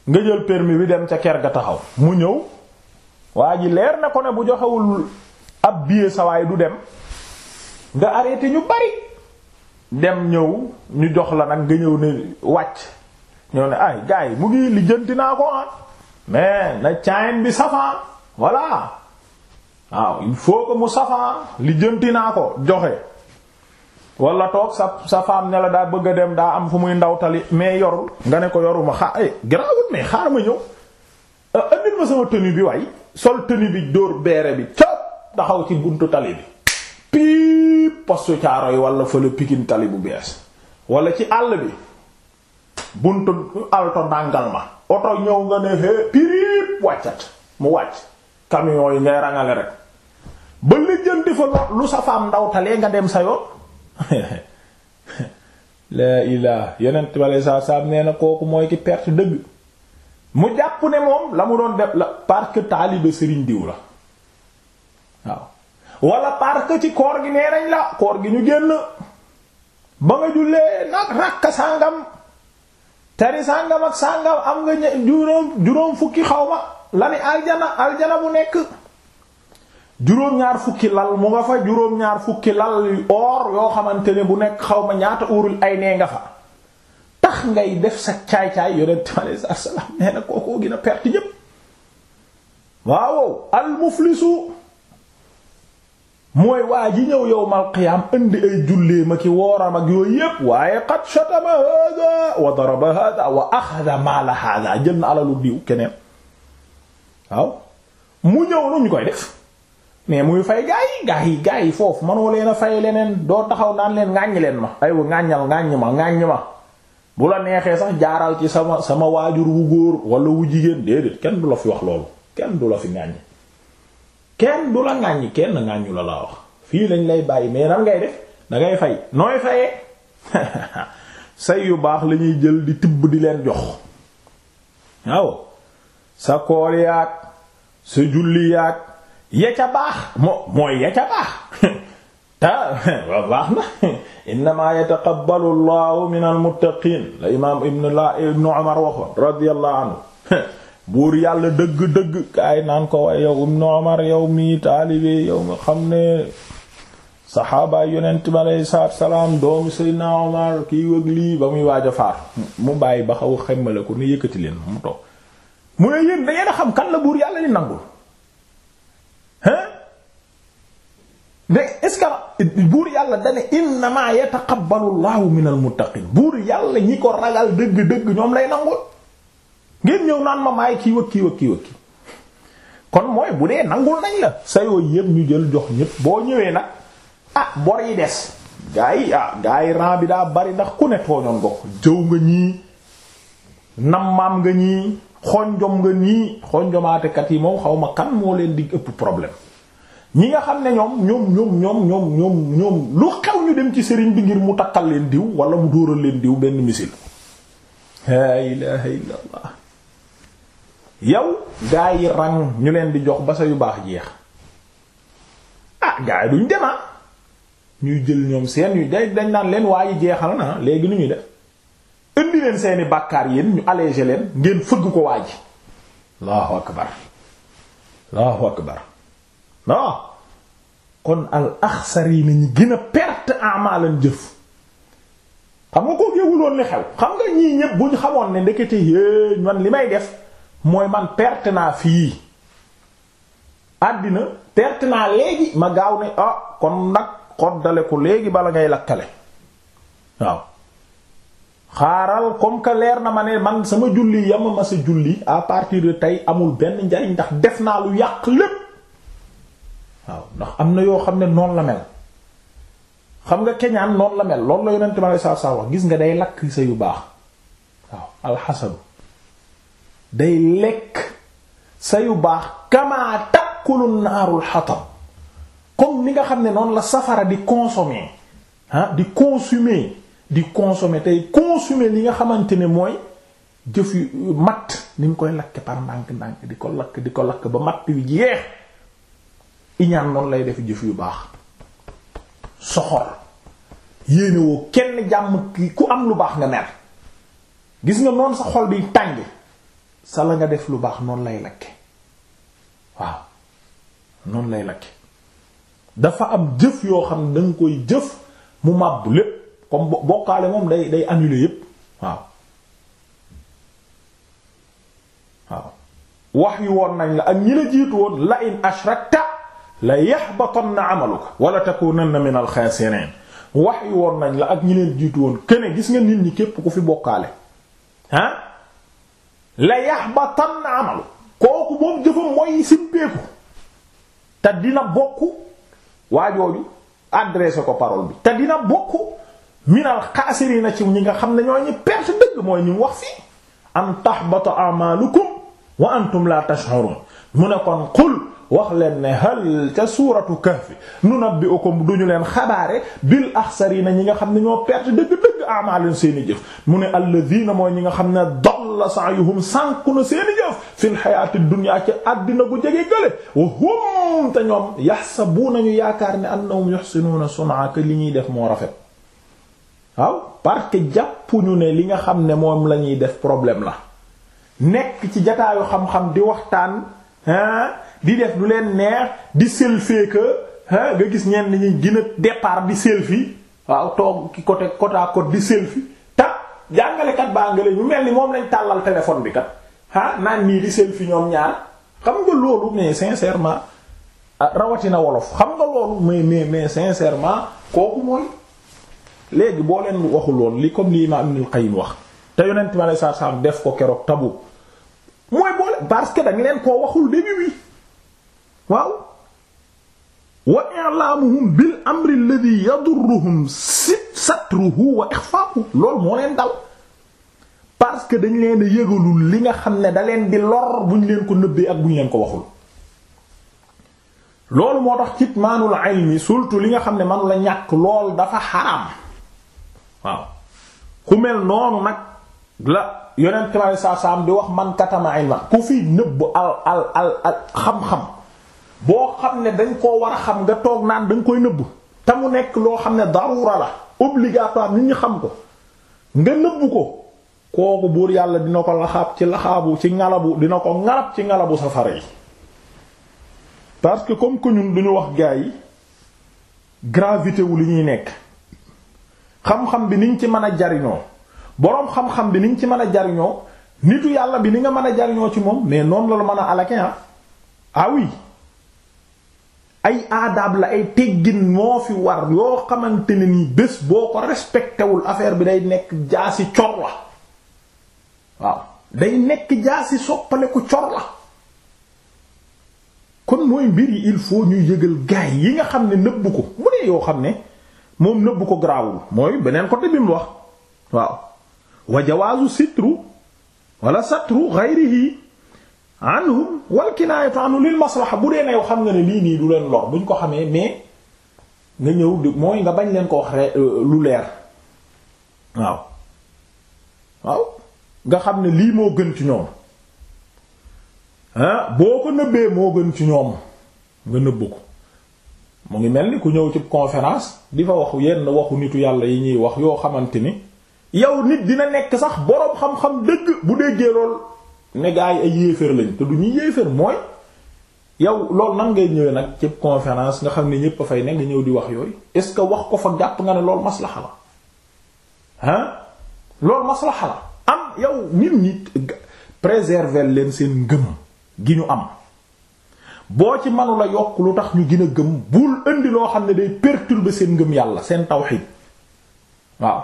nga jël permis bi dem ca ker ga taxaw mu ñëw waa ji leer na ko ne bu joxewul ab billet sawaay du dem nga arrêté ñu bari dem ñëw ñu jox la nag nga ñëw ne wàcc ñëw ne ay gars yi mu ngi lijjanti naa ko ah. mais na caayin bi safaan voilà waaw il faut que mu safaan lijjanti naa ko joxe wala toog sa sa femme ne la daa bëgg a dem daa am fu muy ndaw tali mais yor nga ne ko yoruma xaa eh garaawul mais ma ñëw ah, andil ma sama tenue bi waay sol tenue bi dóor beere bi cop taxaw ci buntu tali bi piip postu caaro yi wala fële pikin tali bu bees walla ci àll bi buntu alto ndàngal ma oto ñëw nga ne hee piip wàccat mu wàcc camion yi ngay rangale rek ba lijjanti fa lu sa ndaw ndawtalee nga dem sa yoon laa ilaa yonent bale saab saab nee na kooku mooy ki perte dëgg mu jàpp ne moom la mu doon def la parce que sëriñ diw la waaw wala parce ci koor gi nee nañ la koor gi ñu génn ba nga jullee nag rakka sàngam tari sàngam ak sàngam am nga ñe- juróom juróom fukki xaw ma la ni aljana aljana bu nekk juróom-ñaar fukki lal mu nga fa juróom-ñaar fukki lal or yoo xamante ne bu nekk xaw ma ñaata urul ay nee nga fa tax ngay def sa caay-caay yonent mi aleyhi waaw al mooy waa ji ñëw yowmal qiyaam indi ay julleem ak wooram ak yooyu yépp waaye qad shatama hada wa daraba hada wa axada maala hada jël na alalu diw keneen waaw mu ñëw nu ñu koy def mais muy fay gaa yi foofu manoo leen a fay leneen doo taxaw naan leen ŋàññi leen ma aywa ŋàññal ŋàññ ma ŋàññ ma bu la neexee sax jaaral ci sama sama waajur wu góor wala wu jigéen déedéet kenn du la fi wax loolu kenn du la fi ŋàññ kenn du la ŋàññ kenn la laa wax fii lañ lay bàyyi mais nan ngay def dangay fay nooy fayee say yu baax lañuy jël di tibb di leen jox waaw sa koor yaag sa julli yaag ya baax moo mooy ya ca baax ah waaw baax na innama yataqabbalu allahu min almuttaqin la imaam ibnu la ibnu omar waxoon radiyallahu buur yàlla dëgg-dëgg kaay naan ko waaye yow ibnu omar yow mi taalibe yow nga xam ne saxaaba yonent bi aleyhi salaam doomu seydna omar kii lii ba muy waaj faar mu bàyyi ba xaw xemmale ko ni yëkkati leen mu toog mu ne yéen da ngeen xam kan la buur yàlla ni nangul hein mais est-ce que buur yàlla dane innamaa yataqabbalu llahu minal muttaqin buur yàlla ñi ko ragal dëgg-dëgg ñoom lay nangul ngeen ñëw naan ma maay kii wëkki wëkki wëkki kon mooy bu dee nangul nañ la sa yooyu yëpp ñu jël jox ñëpp boo ñëwee nag a ah, bor yi des gaa yi ah bi daa bari ndax ku ne tooñoon nga ko jëw nga ñii nammaam nga ñii xonjom nga nii xonjomaatekat yi moom xaw ma kan moo leen di ëpp problème ñi nga xam ne ñoom ñoom ñoom ñoom ñoom ñoom lu xew ñu dem ci sëriñ bi ngir mu takkal leen diw wala mu dóoral leen diw benn misil laa ilaha illa yow gaa yi rang ñu leen di jox ba sa yu baax jeex ah gaa yi duñ dema ah. ñuy jël ñoom seen yu day dañ naan leen waaye jeexal na léegi nu ñuy def indi leen seeni bàkkaar yéen ñu alléger leen ngeen fëgg ko waa ji allahu akbar allahu akbar non ah. kon al axsari nañu gën a perte amaalam jëf xam nga koo géewuloon li xew xam nga ñii ñëpp bu ñu xamoon ne ndekete yée man li may def mooy man perte naa fii àddina perte naa léegi ma gaaw ne ah kon nag xoddale ko léegi bala ngay lakkale waaw xaaral comme que leer na ma ne man sama julli yama ma sa julli à partir de tey amul benn njariñ ndax def naa lu yàq lépp waaw ndax am na yoo xam ne noonu la mel xam nga keñaan noonu la mel loolu la yonente ma lay saa saa wax gis nga day lakk sa yu baax waaw alxasadu day lekk sa yu baax kamaa takkulu naarul xatam comme ni nga xam ne noonu la safara di consommer ah, di consumer di consommer tey consommer li nga xamante ne mooy jëf yu matt ni mu koy lakk par ndànk-ndànk di ko lakk di ko lakk ba matt yu jeex iñaan noonu lay def jëf yu baax soxor yéenewoo kenn jàmm ku am lu baax nga mer gis nga noonu sa xol bi tàng sa la nga def lu baax noonu lay lakke waaw noonu lay lakke dafa am jëf yoo xam ne danga koy jëf mu màbbu lépp comme bokkaale moom day day annuler yépp waaw waaw wax yu woon nañ la ak ñi la jiitu woon la in ashrakta la yahbatanna amaluka wala takunanna minal xaasiriin wax yi woon nañ la ak ñi leen jiitu woon kene gis nga nit ñi képp ku fi bokkaale ah la yahbatanna amalu kooku moom jëfam mooy simpeeku te dina bokk waa jooju adressé ko parole bi te dina bokk minal xaasiriina ci ñi nga xam ne ñoo ñi perte dëgg mooy ñu wax fii an tahbata a'maalukum wa antum la tash'urun mu ne kon qul wax leen ne hal ca suuratu kahfi nunabbi'ukum duñu leen xabaare bil axsariina ñi nga xam ne ñoo perte dëgg-dëgg amaaleen seeni jëf mu ne alladhiina mooy ñi nga xam ne dalla sa'yuhum sànku na seeni jëf fil hayaati dunya ci àddina bu jege gële wa hum te ñoom yahsabuuna ñu yaakaar ne annahum yuhsinuuna sun'a li ñuy def moo rafet waaw parce que jàppuñu ne li nga xam ne moom la ñuy def problème la nekk ci jataayu xam-xam di waxtaan di def lu leen neex di selfie que nga gis ñenn ñi gën a départ di selfie waaw toog ki côté côté à di selfie ta jàngalekat baa nga ñu mel ni moom lañ tàllal téléphone bi kat ah naan nii di selfie ñoom ñaar xam nga loolu mais sincèrement rawatina wolof xam nga loolu mais mais mais sincèrement kooku mooy. léegi boo leen waxul woon li comme li imaam Ibnul Qayyim wax te yonent ma lay saa saa def ko keroog tabu mooy boole parce que dañ leen ko waxul début waaw wa i'laamuhum bil amri alladhi yadurruhum satruhu wa ikhfa'uhu loolu moo leen dal parce que dañ leen a yëgalul li nga xam ne daleen leen di lor bu ñu leen ko nëbbee ak bu ñu leen ko waxul loolu moo tax kitmaanul ilmi surtout li nga xam ne man la ñàkk lool dafa xaraam waaw ku mel noonu nag la yonent bi saa saam di wax man katama ilma ku fi nëbb al al al xam-xam boo xam ne dañ koo war a xam nga toog naan dañ koy nëbb te mu nekk loo xam ne darura la obligatoire nit ñi xam ko nga nëbb ko kooku buur yàlla dina ko laxaab ci laxaabu ci ngalabu dina ko ngalab ci ngalabu safara yi parce que comme que ñun duñu wax gaa yi gravité li ñuy nekk xam-xam bi ni ci mën a jariñoo boroom xam-xam bi ni ci mën a jariñoo nitu yàlla bi ni nga mën a jariñoo ci moom mais noonu la la mën a alake ah ah ay aadaab la ay teggin moo fi war yoo xamante ne nii bés boo ko respectéwul affaire bi day nekk jaasi cor la waaw day nekk jaasi soppaleku cor la kon mooy mbir yi il faut ñuy yëgal gaay yi nga xam ne nëbb ko mu ne yoo xam ne moom nëbbu ko garaawul mooy beneen côté bi wax waaw wa jawaazu sitru wala satru anhum wal kinaayatu anhu lil maslaha bu dee na yow xam nga ne lii nii du leen lor buñ ko xamee mais nga ñëw di mooy nga bañ leen ko wax euh, lu leer waaw waaw nga xam ne lii moo gën ci ñoom ah boo ko nëbbee moo gën ci ñoom nga nëbb ko mu ngi mel ni ku ñëw cib conférence di fa wax yenn waxu nitu yàlla yi ñuy wax yoo xamante ni yow nit dina nekk sax boroom xam-xam dëgg bu déggee lool ne gaa yi ay yéeféer lañ te du ñuy yéeféer mooy yow loolu nan ngay ñëwee nag ci conférence nga xam ne ñépp a fay ne nga ñëw di wax yooyu est-ce que wax ko fa jàpp nga ne loolu maslaxa la hein loolu maslaxa la am yow nit ñi préserver leen seen ngëm gi ñu am boo ci manula yokk lu tax ñu gën a gëm bul indi loo xam ne day perturber seen gëm yàlla seen tawxiid waaw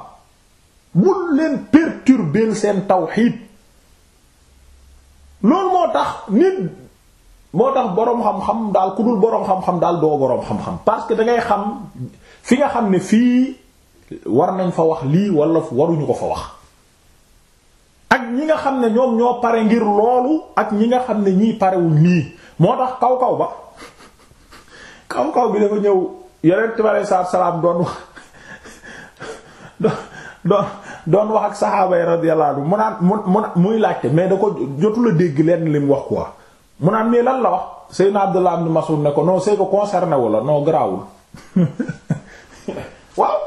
bul leen perturber seen tawxiid loolu moo tax nit moo tax boroom xam-xam daal ku dul boroom xam-xam daal doo boroom xam-xam parce que da ngay xam fi nga xam ne fii war nañ fa wax lii wala waruñu ko fa wax ak ñi nga xam ne ñoom ñoo pare ngir loolu ak ñi nga xam ne ñiy parewul nii moo tax kaw kaw ba kaw kaw bi dafa ñëw yonent bi aleyhi salaatu salaam doon doon doon wax ak saxaaba yi radiyallahu anhu mu mu mu muy laajte mais da ko jotula dégg lenn lim wax quoi mu naan mais lan la wax Seydina Abdullah ibn Mas'ud ne ko non c'est que concerné la non garaawul waaw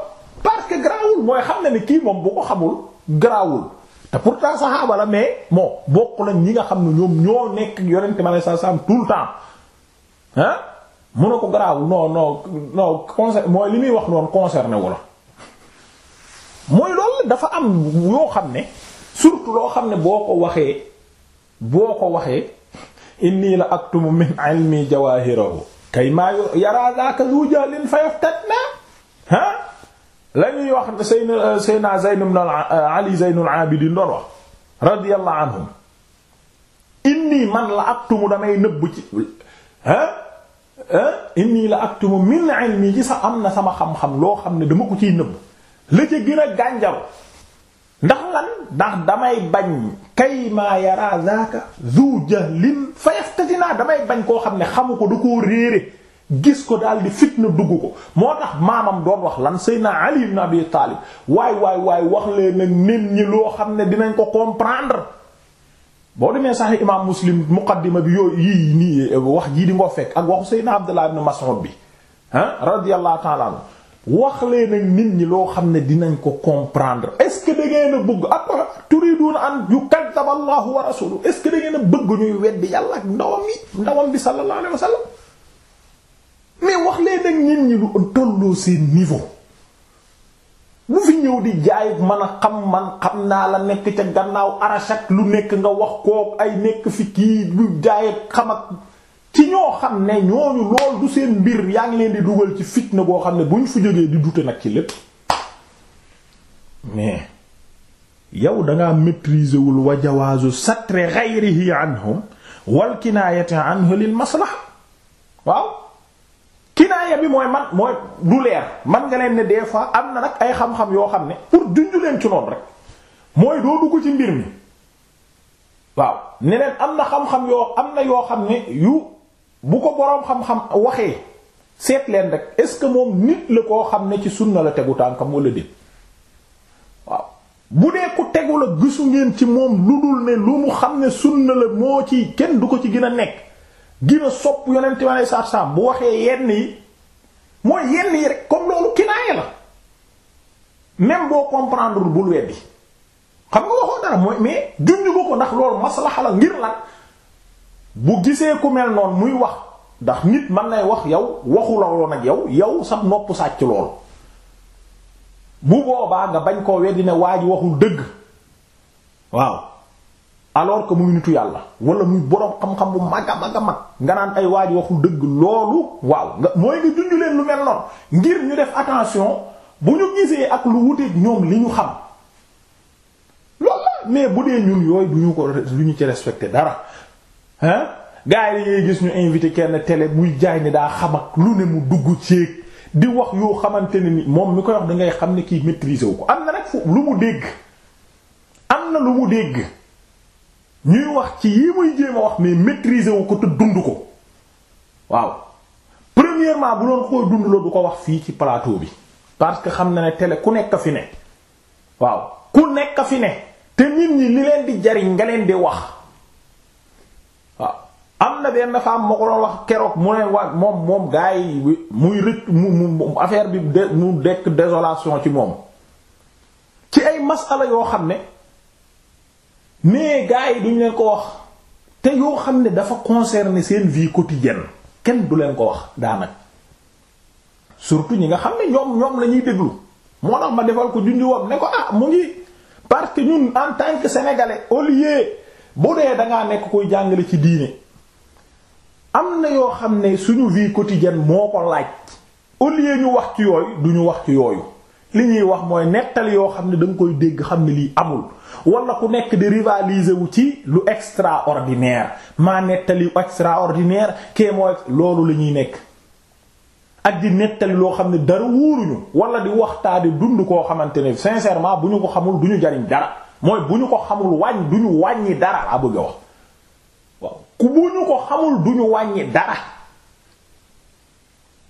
parce garaawul mooy xam na ni kii moom bu ko xamul garaawul. te pour pourtant saxaaba la mais moo bokk lañ ñi nga xam ne ñoom ñoo nekk yonente ma lay sa sam tout le temps ah mun na ko garaaw non non non concerné mooy li muy wax noonu concerné wu la mooy loolu dafa am yoo xam ne surtout loo xam ne boo ko waxee boo ko waxee inni la aktumu min ilmi jawahirahu kay maa yaraa zaaka zu jahlin fayaftatna ha la ñuy wax Seyna euh, Seyna Zayn ibn euh, Ali Zaynul Abidin doon wax radiyallahu anhum inni man la aktumu damay nëbb ci ah ah inni la aktumu min ilmi ci sax am na sama xam-xam loo xam ne dama ko ciy nëbb la ca gën a gànjaru ndax lan ndax damay bañ kay maa yara zaaka zu jahlin fayastatina damay bañ koo xam ne xamu ko du koo réere gis ko daal di fitna dugg ko moo tax maamam doon wax lan Seydina Ali ibn Abi Taalib waay waay waaye wax leen nag nit ñi loo xam ne dinañ ko comprendre boo demee sax imaam Muslim muqaddima bi nii wax jii di nga fekk ak waxu Seydina Abdullah ibn Mas'ud bi ah radiyallahu ta'ala anhu wax leen nag nit ñi loo xam ne dinañ ko comprendre est-ce que a bëgg ak turiduna an yukaddaba Allahu wa rasuluhu est bëgg ñuy weddi yàlla ak ndawam yi ndawam bi sallallahu alayhi wa mais wax leen nag ñin ñi du tolloo seen niveau bu fi ñëw di jaay man a xam man xam naa la nekk ca gannaaw arachak lu nekk nga wax kook ay nekk fi kii lu jaay xam ak ci ñoo xam ne ñooñu lool du seen mbir yaa ngi leen di dugal ci fitna boo xam ne bu ñu fu jógee di dute nag ci lépp mais yow dangaa maîtriser wul wa jawaazu satri ghayrihi anhum wal kinaayati anhu lil maslaha waaw kinaaya bi mooy man mooy du leer man nga leen ne des fois am na nag ay xam-xam yoo xam ne pour junju leen ci noonu rek mooy doo dugg ci mbir mi waaw ne leen am na xam-xam yoo am na yoo xam ne yu bu ko boroom xam-xam waxee seet leen rek est-ce que moom nit la koo xam ne ci sunna la tegu tànkam wala déet waaw bu dee ku tegu la gisu ngeen ci moom lu dul ne lu mu xam ne na la moo ci kenn du ko ci gën a nekk gina sopp yonent ma lay saab bu waxee yenn yi mooy yenn yi rek comme loolu kinaaye la même boo comprendre bul weddi xam nga waxoo dara mooy mais junj ko ko ndax loolu maslaxa la ngir lan bu gisee ku mel noonu muy wax ndax nit mën nay wax yow waxu woon ak yow yow sax nopp sàcc loolu bu boobaa nga bañ koo weddi ne waa ji waxul dëgg waaw alors que muy nitu yàlla wala muy boroom xam-xam bu mag a mag a mag nga naan ay waaj waxul dëgg loolu waaw nga mooy nga junj leen lu mel noonu ngir ñu def attention bu ñu gisee ak lu wuteeg ñoom li ñu xam loolu mais bu dee ñun yooyu du ñu ko lu ñu ci respecté dara hein gars yi ngay gis ñu invité kenn télé muy jaay ni daa xam ak lu ne mu dugg ceeg di wax yoo xamante ne ni moom mi koy wax da ngay xam ne kii maîtriser wu ko am na nag fu lu mu dégg am na lu dégg. ñuy wax ci yi muy jéem wax mais maîtriser wu ko te dund ko waaw premièrement bu doon koy dund la du ko wax fii ci plateau bi parce que xam na ne télé ku nekk fi ne waaw ku nekk fi ne te nit ñi li leen di jariñ nga leen di wax waaw am na benn femme moo ko doon wax keroog mu ne wa moom moom gars muy rëcc mu affaire bi de mu dekk désolation ci moom ci ay masala yoo xam ne. mais gars yi duñ leen ko wax te yoo xam ne dafa concerner seen vie quotidienne kenn du leen ko wax daanaka surtout ñi nga xam ne ñoom ñoom la ñuy déglu moo tax ma defal ko junj woon ne ko ah mu ngi parce que ñun en tant que sénégalais au lieu bu dee da nekk koy jàngale ci diine am na yoo xam ne suñu vie quotidienne moo ko laaj au lieu ñu wax ci yooyu du ñu wax ci yooyu li ñuy wax mooy nettali yoo xam ne danga koy dégg xam ne lii amul. wala ku nekk di rivaliser wu ci lu extraordinaire maa nettali extraordinaire kee mooy loolu la ñuy nekk ak di nettali loo xam ne dara wóoruñu wala di waxtaadi dund koo xamante ne sincèrement bu ñu ko xamul du ñu jariñ dara mooy bu ñu ko xamul wàññi dara laa bëgg a wax ku bu ñu ko xamul du ñu wàññi dara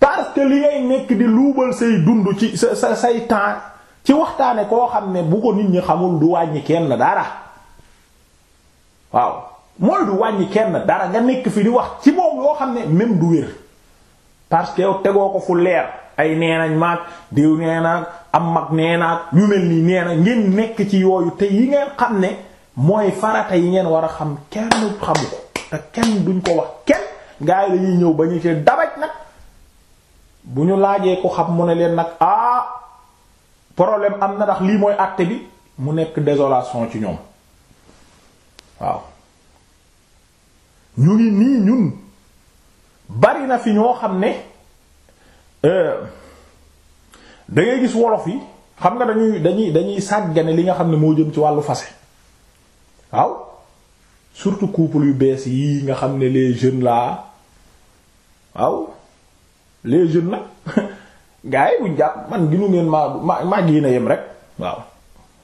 parce que li ngay nekk di luubal say dund ci sa say temps ci waxtaane koo xam ne bu ko nit ñi xamul du wàññi kenn dara waaw mooy du wàññi kenn dara nga nekk fi di wax ci moom yoo xam ne même du wér parce que tegoo ko fu leer ay neenañ maag diw nee naag am mag nee yu mel nii nee na ngeen nekk ci yooyu te yi ngeen xam ne mooy farata yi ngeen war a xam kenn xamu ko te kenn duñ ko wax kenn gaa yi dañuy ñëw ba ñu ci dabaj nag bu ñu laajee ko xam mu ne leen nag ah problème am na ndax lii mooy àtte bi mu nekk désolation ci ñoom waaw ñu ngi nii ñun bari na fi ñoo xam ne euh, da gis wolof yi xam nga dañuy dañuy dañuy sàggane li nga xam ne moo jëm ci wàllu fase waaw surtout couple yu bees yi nga xam ne les jeunes là waaw les jeunes la gars yi buñ jàpp man ginu ngeen maa maa maa ngi yéen a yem rek waaw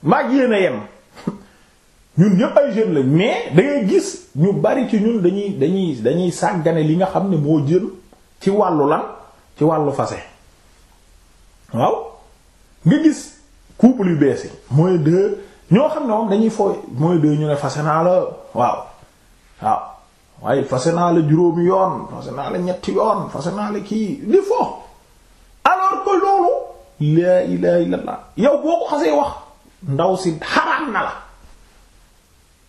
maa ngi yéen a yem ñun ñëpp ay jeunes lañ mais dangay gis ñu bari ci ñun dañuy dañuy dañuy sàggane li nga xam ne moo jëm ci wàllu lan ci wàllu fase waaw nga yu bees yi xam ne moom dañuy fooy mooy deux ñu ne fase naa la waaw waaw waaye fase naa la juróomi yoon fase naa la ñetti yoon fase naa la kii di fo alors que loolu laa ilaha illallah yow boo ko xasee wax ndaw si xaraam na la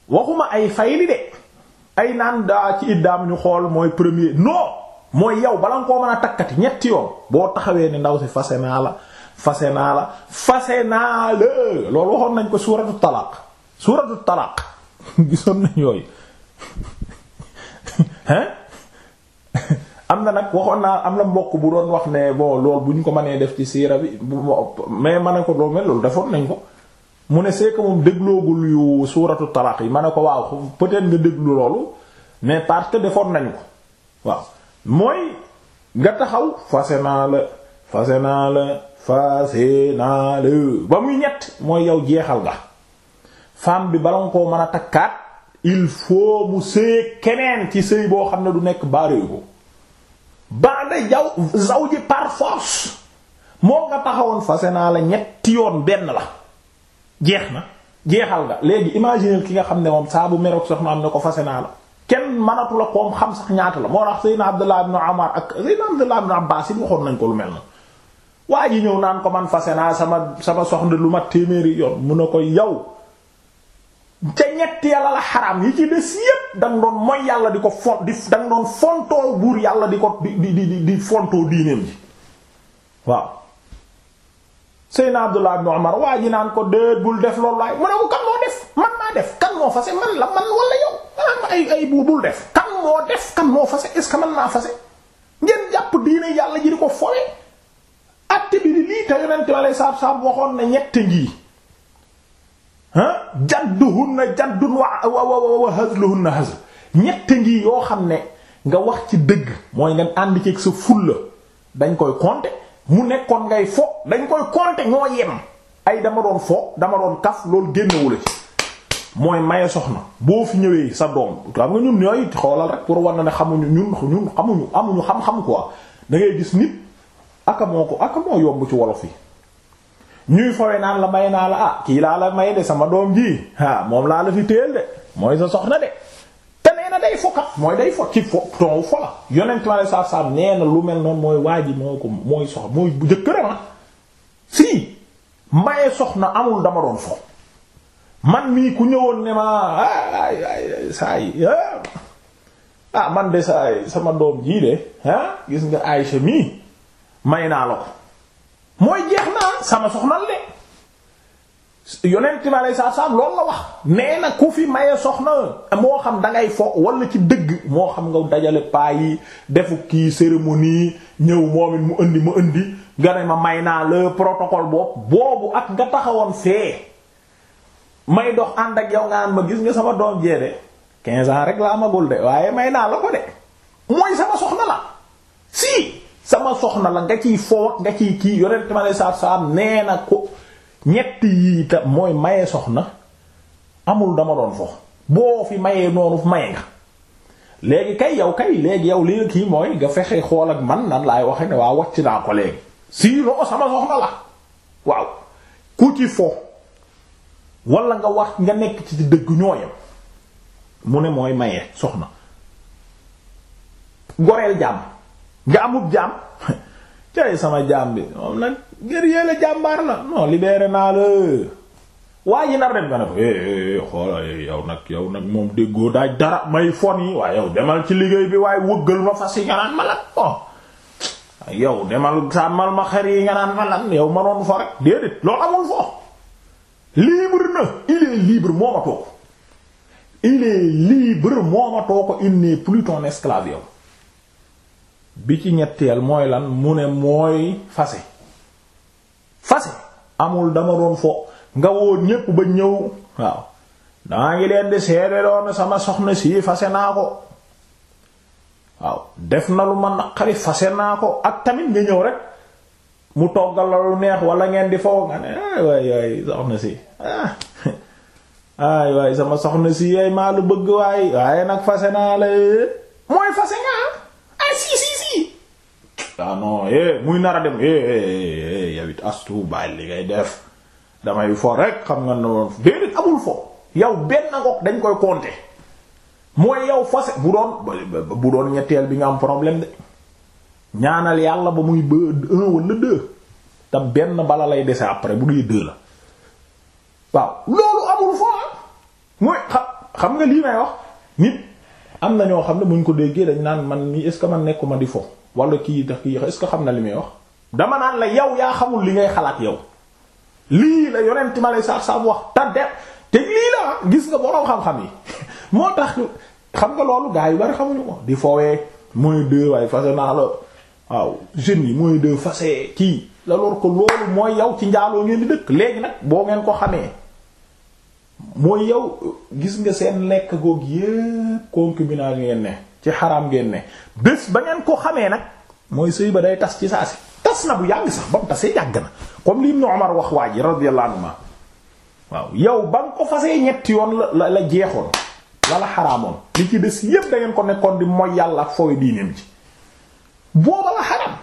waxuma ay fayli de ay naan daa ci iddaam ñu xool mooy premier no mooy yow bala nga koo mën a takkati ñetti yoon boo taxawee ni ndaw si fase naa la fase naa la fase naa la loolu waxoon nañ ko suuratu talaaq suuratu talaaq gisoon nañ yooyu hein am na nag waxoon naa am na mbokk bu doon wax ne boo lool bu ñu ko mënee def ci siira bi mais ma ne ko loo mel loolu defoon nañ ko mu ne c'est que moom dégloogul yu suuratu talaq yi ma ne ko waaw peut-être nga déglu loolu mais parce que defoon nañ ko waaw mooy nga taxaw fase naa la fase naa la fase ba muy ñett mooy yow jeexal nga femme bi bala nga koo mën a takkaat il faut mu sëy keneen ci sëy boo xam ne du nekk baareego ba'da jaw zawji par force moo nga taxawoon fase naa la ñetti yoon benn la jeex na jeexal nga léegi imaginer ki nga xam ne moom saabu bu soxna am ne ko fase naa la kenn mënatu koom xam sax ñaata la moo tax Seydina Abdullah ibn Umar ak Seydina Abdullah ibn Abbas yi waxoon nañ ko lu mel na waa ji ñëw naan ko man fase naa sama sama soxna lu ma téeméeri yoon mun na ko yow ca ñetti yàlla la xaraam yi ci des yépp danga doon mooy yàlla di ko fon di danga doon fontoo buur yàlla di ko di di di di fontoo diineem ji waaw seyna Abdullah ibn Umar waa ji naan ko déet bul def loolu waaye mu ne ko kan moo def man maa def kan moo fase man la man wala yow ah, man ay ay bu bul def kan moo def kan moo fase est-ce que man naa fase ngeen jàpp diine yàlla ji di ko fowe atte bi lii te yonent ma lay saab saab waxoon na ñett ngii jadduhunna jaddun wa wa wa hazluhunna hazl ñett ngi yoo xam ne nga wax ci dëgg mooy nga ànd ceeg sa fulla dañ koy compter mu nekkoon ngay fo dañ koy compter ñoo yem ay dama doon fo dama doon kaf loolu génnewula ci mooy maye soxna boo fi ñëwee sa doom xam nga ñun yooyu xoolal rek pour war na ne xamuñu ñun ñun xamuñu amuñu xam-xam quoi da ngay gis nit aka moo ko aka moo yomb ci wolof yi ñuy fowe naan la may naa la ah kii laa la may de sama doom ji moom laa la fi téel de mooy sa soxna de te nee na day foka mooy day fo ci fo ton yonent ma saaf saaf nee lu mel noonu mooy waa ji moo ko mooy sox mooy bu jëkkëram ah. amul dama man mii ku ñëwoon ne ma ah, man de saa sama doom jii de gis nga Aïcha mii may naa la ko. mooy jeex naa sama soxna la de yonent bi alayhi salaam loolu la wax nee na ku fi maye soxna moo xam da fo wala ci dëgg moo xam nga dajale paa defu kii cérémonie ñëw moom it mu indi ma indi nga ne ma may naa la protocole boobu boobu ak nga taxawoon fee may dox ànd ak yow nga naan ma gis nga sama doom jee de 15 ans rek la amagul de waaye may naa la ko de mooy sama soxna la si. sama soxna la nga ciy foo nga ciy kii yonent ma lay saab saab nee na ko ñett yii ta mooy maye soxna amul dama doon fo boo fi mayee noonu maye nga léegi kay yow kay léegi yow léegi kii mooy nga fexe xool ak man nan laay waxe ne waa wàcc naa ko léegi sinon sama soxna la waaw ku ci fo wala nga wax nga nekk ci dëgg ñooyam mu ne mooy maye soxna goreel jàmm nga amub jaam tey sama jaam bi moom nag guerrier la jàmbaar la non libéré naa la waaye yi nar dem nga ne ko eh, eh, eh, xoola yow nag yow nag moom déggoo daaj dara may fon yi waaye yow demal ci liggéey bi waaye wëggal ma fas yi nga naan ma lan oh. yow demal sàmmal ma xer yi nga naan ma yow manoon rek déedéet loolu amul fo libre na il libre moo ma toog il libre moo ma toog ko il plus ton esclave yow bi ci ñetteel mooy lan mu ne mooy fase fase amul dama doon fo nga woon ñépp ba ñëw waaw daa ngi leen di seede doon sama soxna si fase naa ko waaw def na lu ma naqari fase naa ko ak tamit nga ñëw rek mu toggal la lu neex wala ngeen di faw nga ne eh, waay waay soxna si ah. ay waay sama soxna si yaay maa lu bëgg waay waaye nag fase naa la eh. mooy fase nga ah. ah non eh muy nar a dem eh, eh eh eh yow it astu bàyyi li ngay def damay fo rek xam nga ne woon déedéet amul fo yow benn ngoog dañ koy compter mooy yow fas bu doon bu doon ñetteel bi nga am problème de ñaanal yàlla ba muy ba un wala te benn bala lay dese après bu dee deux la waaw loolu amul fo ah. mooy xam nga lii may wax nit am na ñoo xam ne buñ ko déggee dañ naan man nii est ce que man nekkuma di fo. wala kii ndax kii est-ce que xam na li may wax dama naan la yow yaa xamul li ngay xalaat yow lii la yonent ma lay saab saab wax tadde te lii la gis nga borom xam-xam yi moo tax xam nga loolu gaa yu bari xamuñu ko di foowee mooy deux waaye fase naa la waaw jeunes yi mooy deux kii alors que loolu mooy yow ci njaaloo ngeen di dëkk léegi nag boo ngeen ko xamee mooy yow gis nga seen lekk goog yépp concubinage ngeen ne ci xaraam ngeen ne bés ba ngeen ko xamee nag mooy sëy ba day tas ci saa si tas na bu yàgg sax ba mu tasee yàgg na comme li Ibn Umar wax waa ji radiyallahu anhu waaw yow ba nga ko fasee ñetti yoon la la jeexoon lala xaraamoon li ci des yépp da ko nekkoon di mooy yàlla ak fooy diineem ci booba la xaraam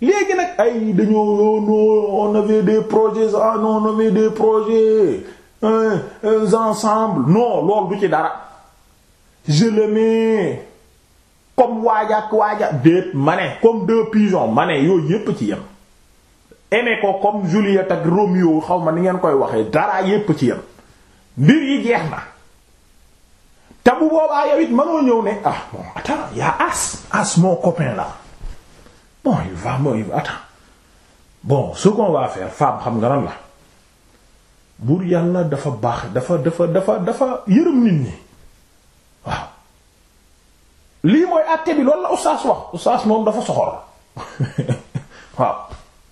léegi nag ay dañoo oh, on avait des projets ah non on avait des projets ensemble non loolu du ci dara je le mets comme waaja ak waaja déet ma ne comme deux pigeons ma ne yooyu yépp ci yem aimé ko comme Juliette ak Roméo xaw ma ni ngeen koy waxee dara yépp ci yem mbir yi jeex na te boobaa yow it mënoo ñëw ne ah bon attends y'a As As mon copain là bon il va bon il va bon ce qu'on va faire xam nga lan la buur yàlla dafa baax dafa dafa dafa dafa yërëm nit ñi lii mooy àtte bi loolu la oustaz wax oustaz moom dafa soxor waaw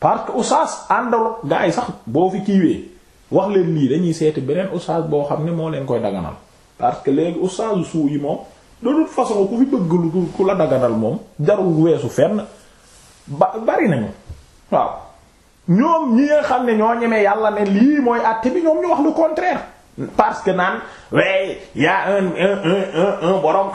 parce que oustaz àndalo gaa yi sax boo fi kiiwee wax leen lii dañuy seeti beneen oustaz boo xam ne moo leen koy daganal parce que léegi oustaz suu yi moom de toute façon ku fi bëgg lu ku la daganal moom jarul weesu fenn ba bari nañu waaw ñoom ñi nga xam ne ñoo ñemee yàlla ne lii mooy àtte bi ñoom ñu wax lu contraire parce que naan way y un un un un borom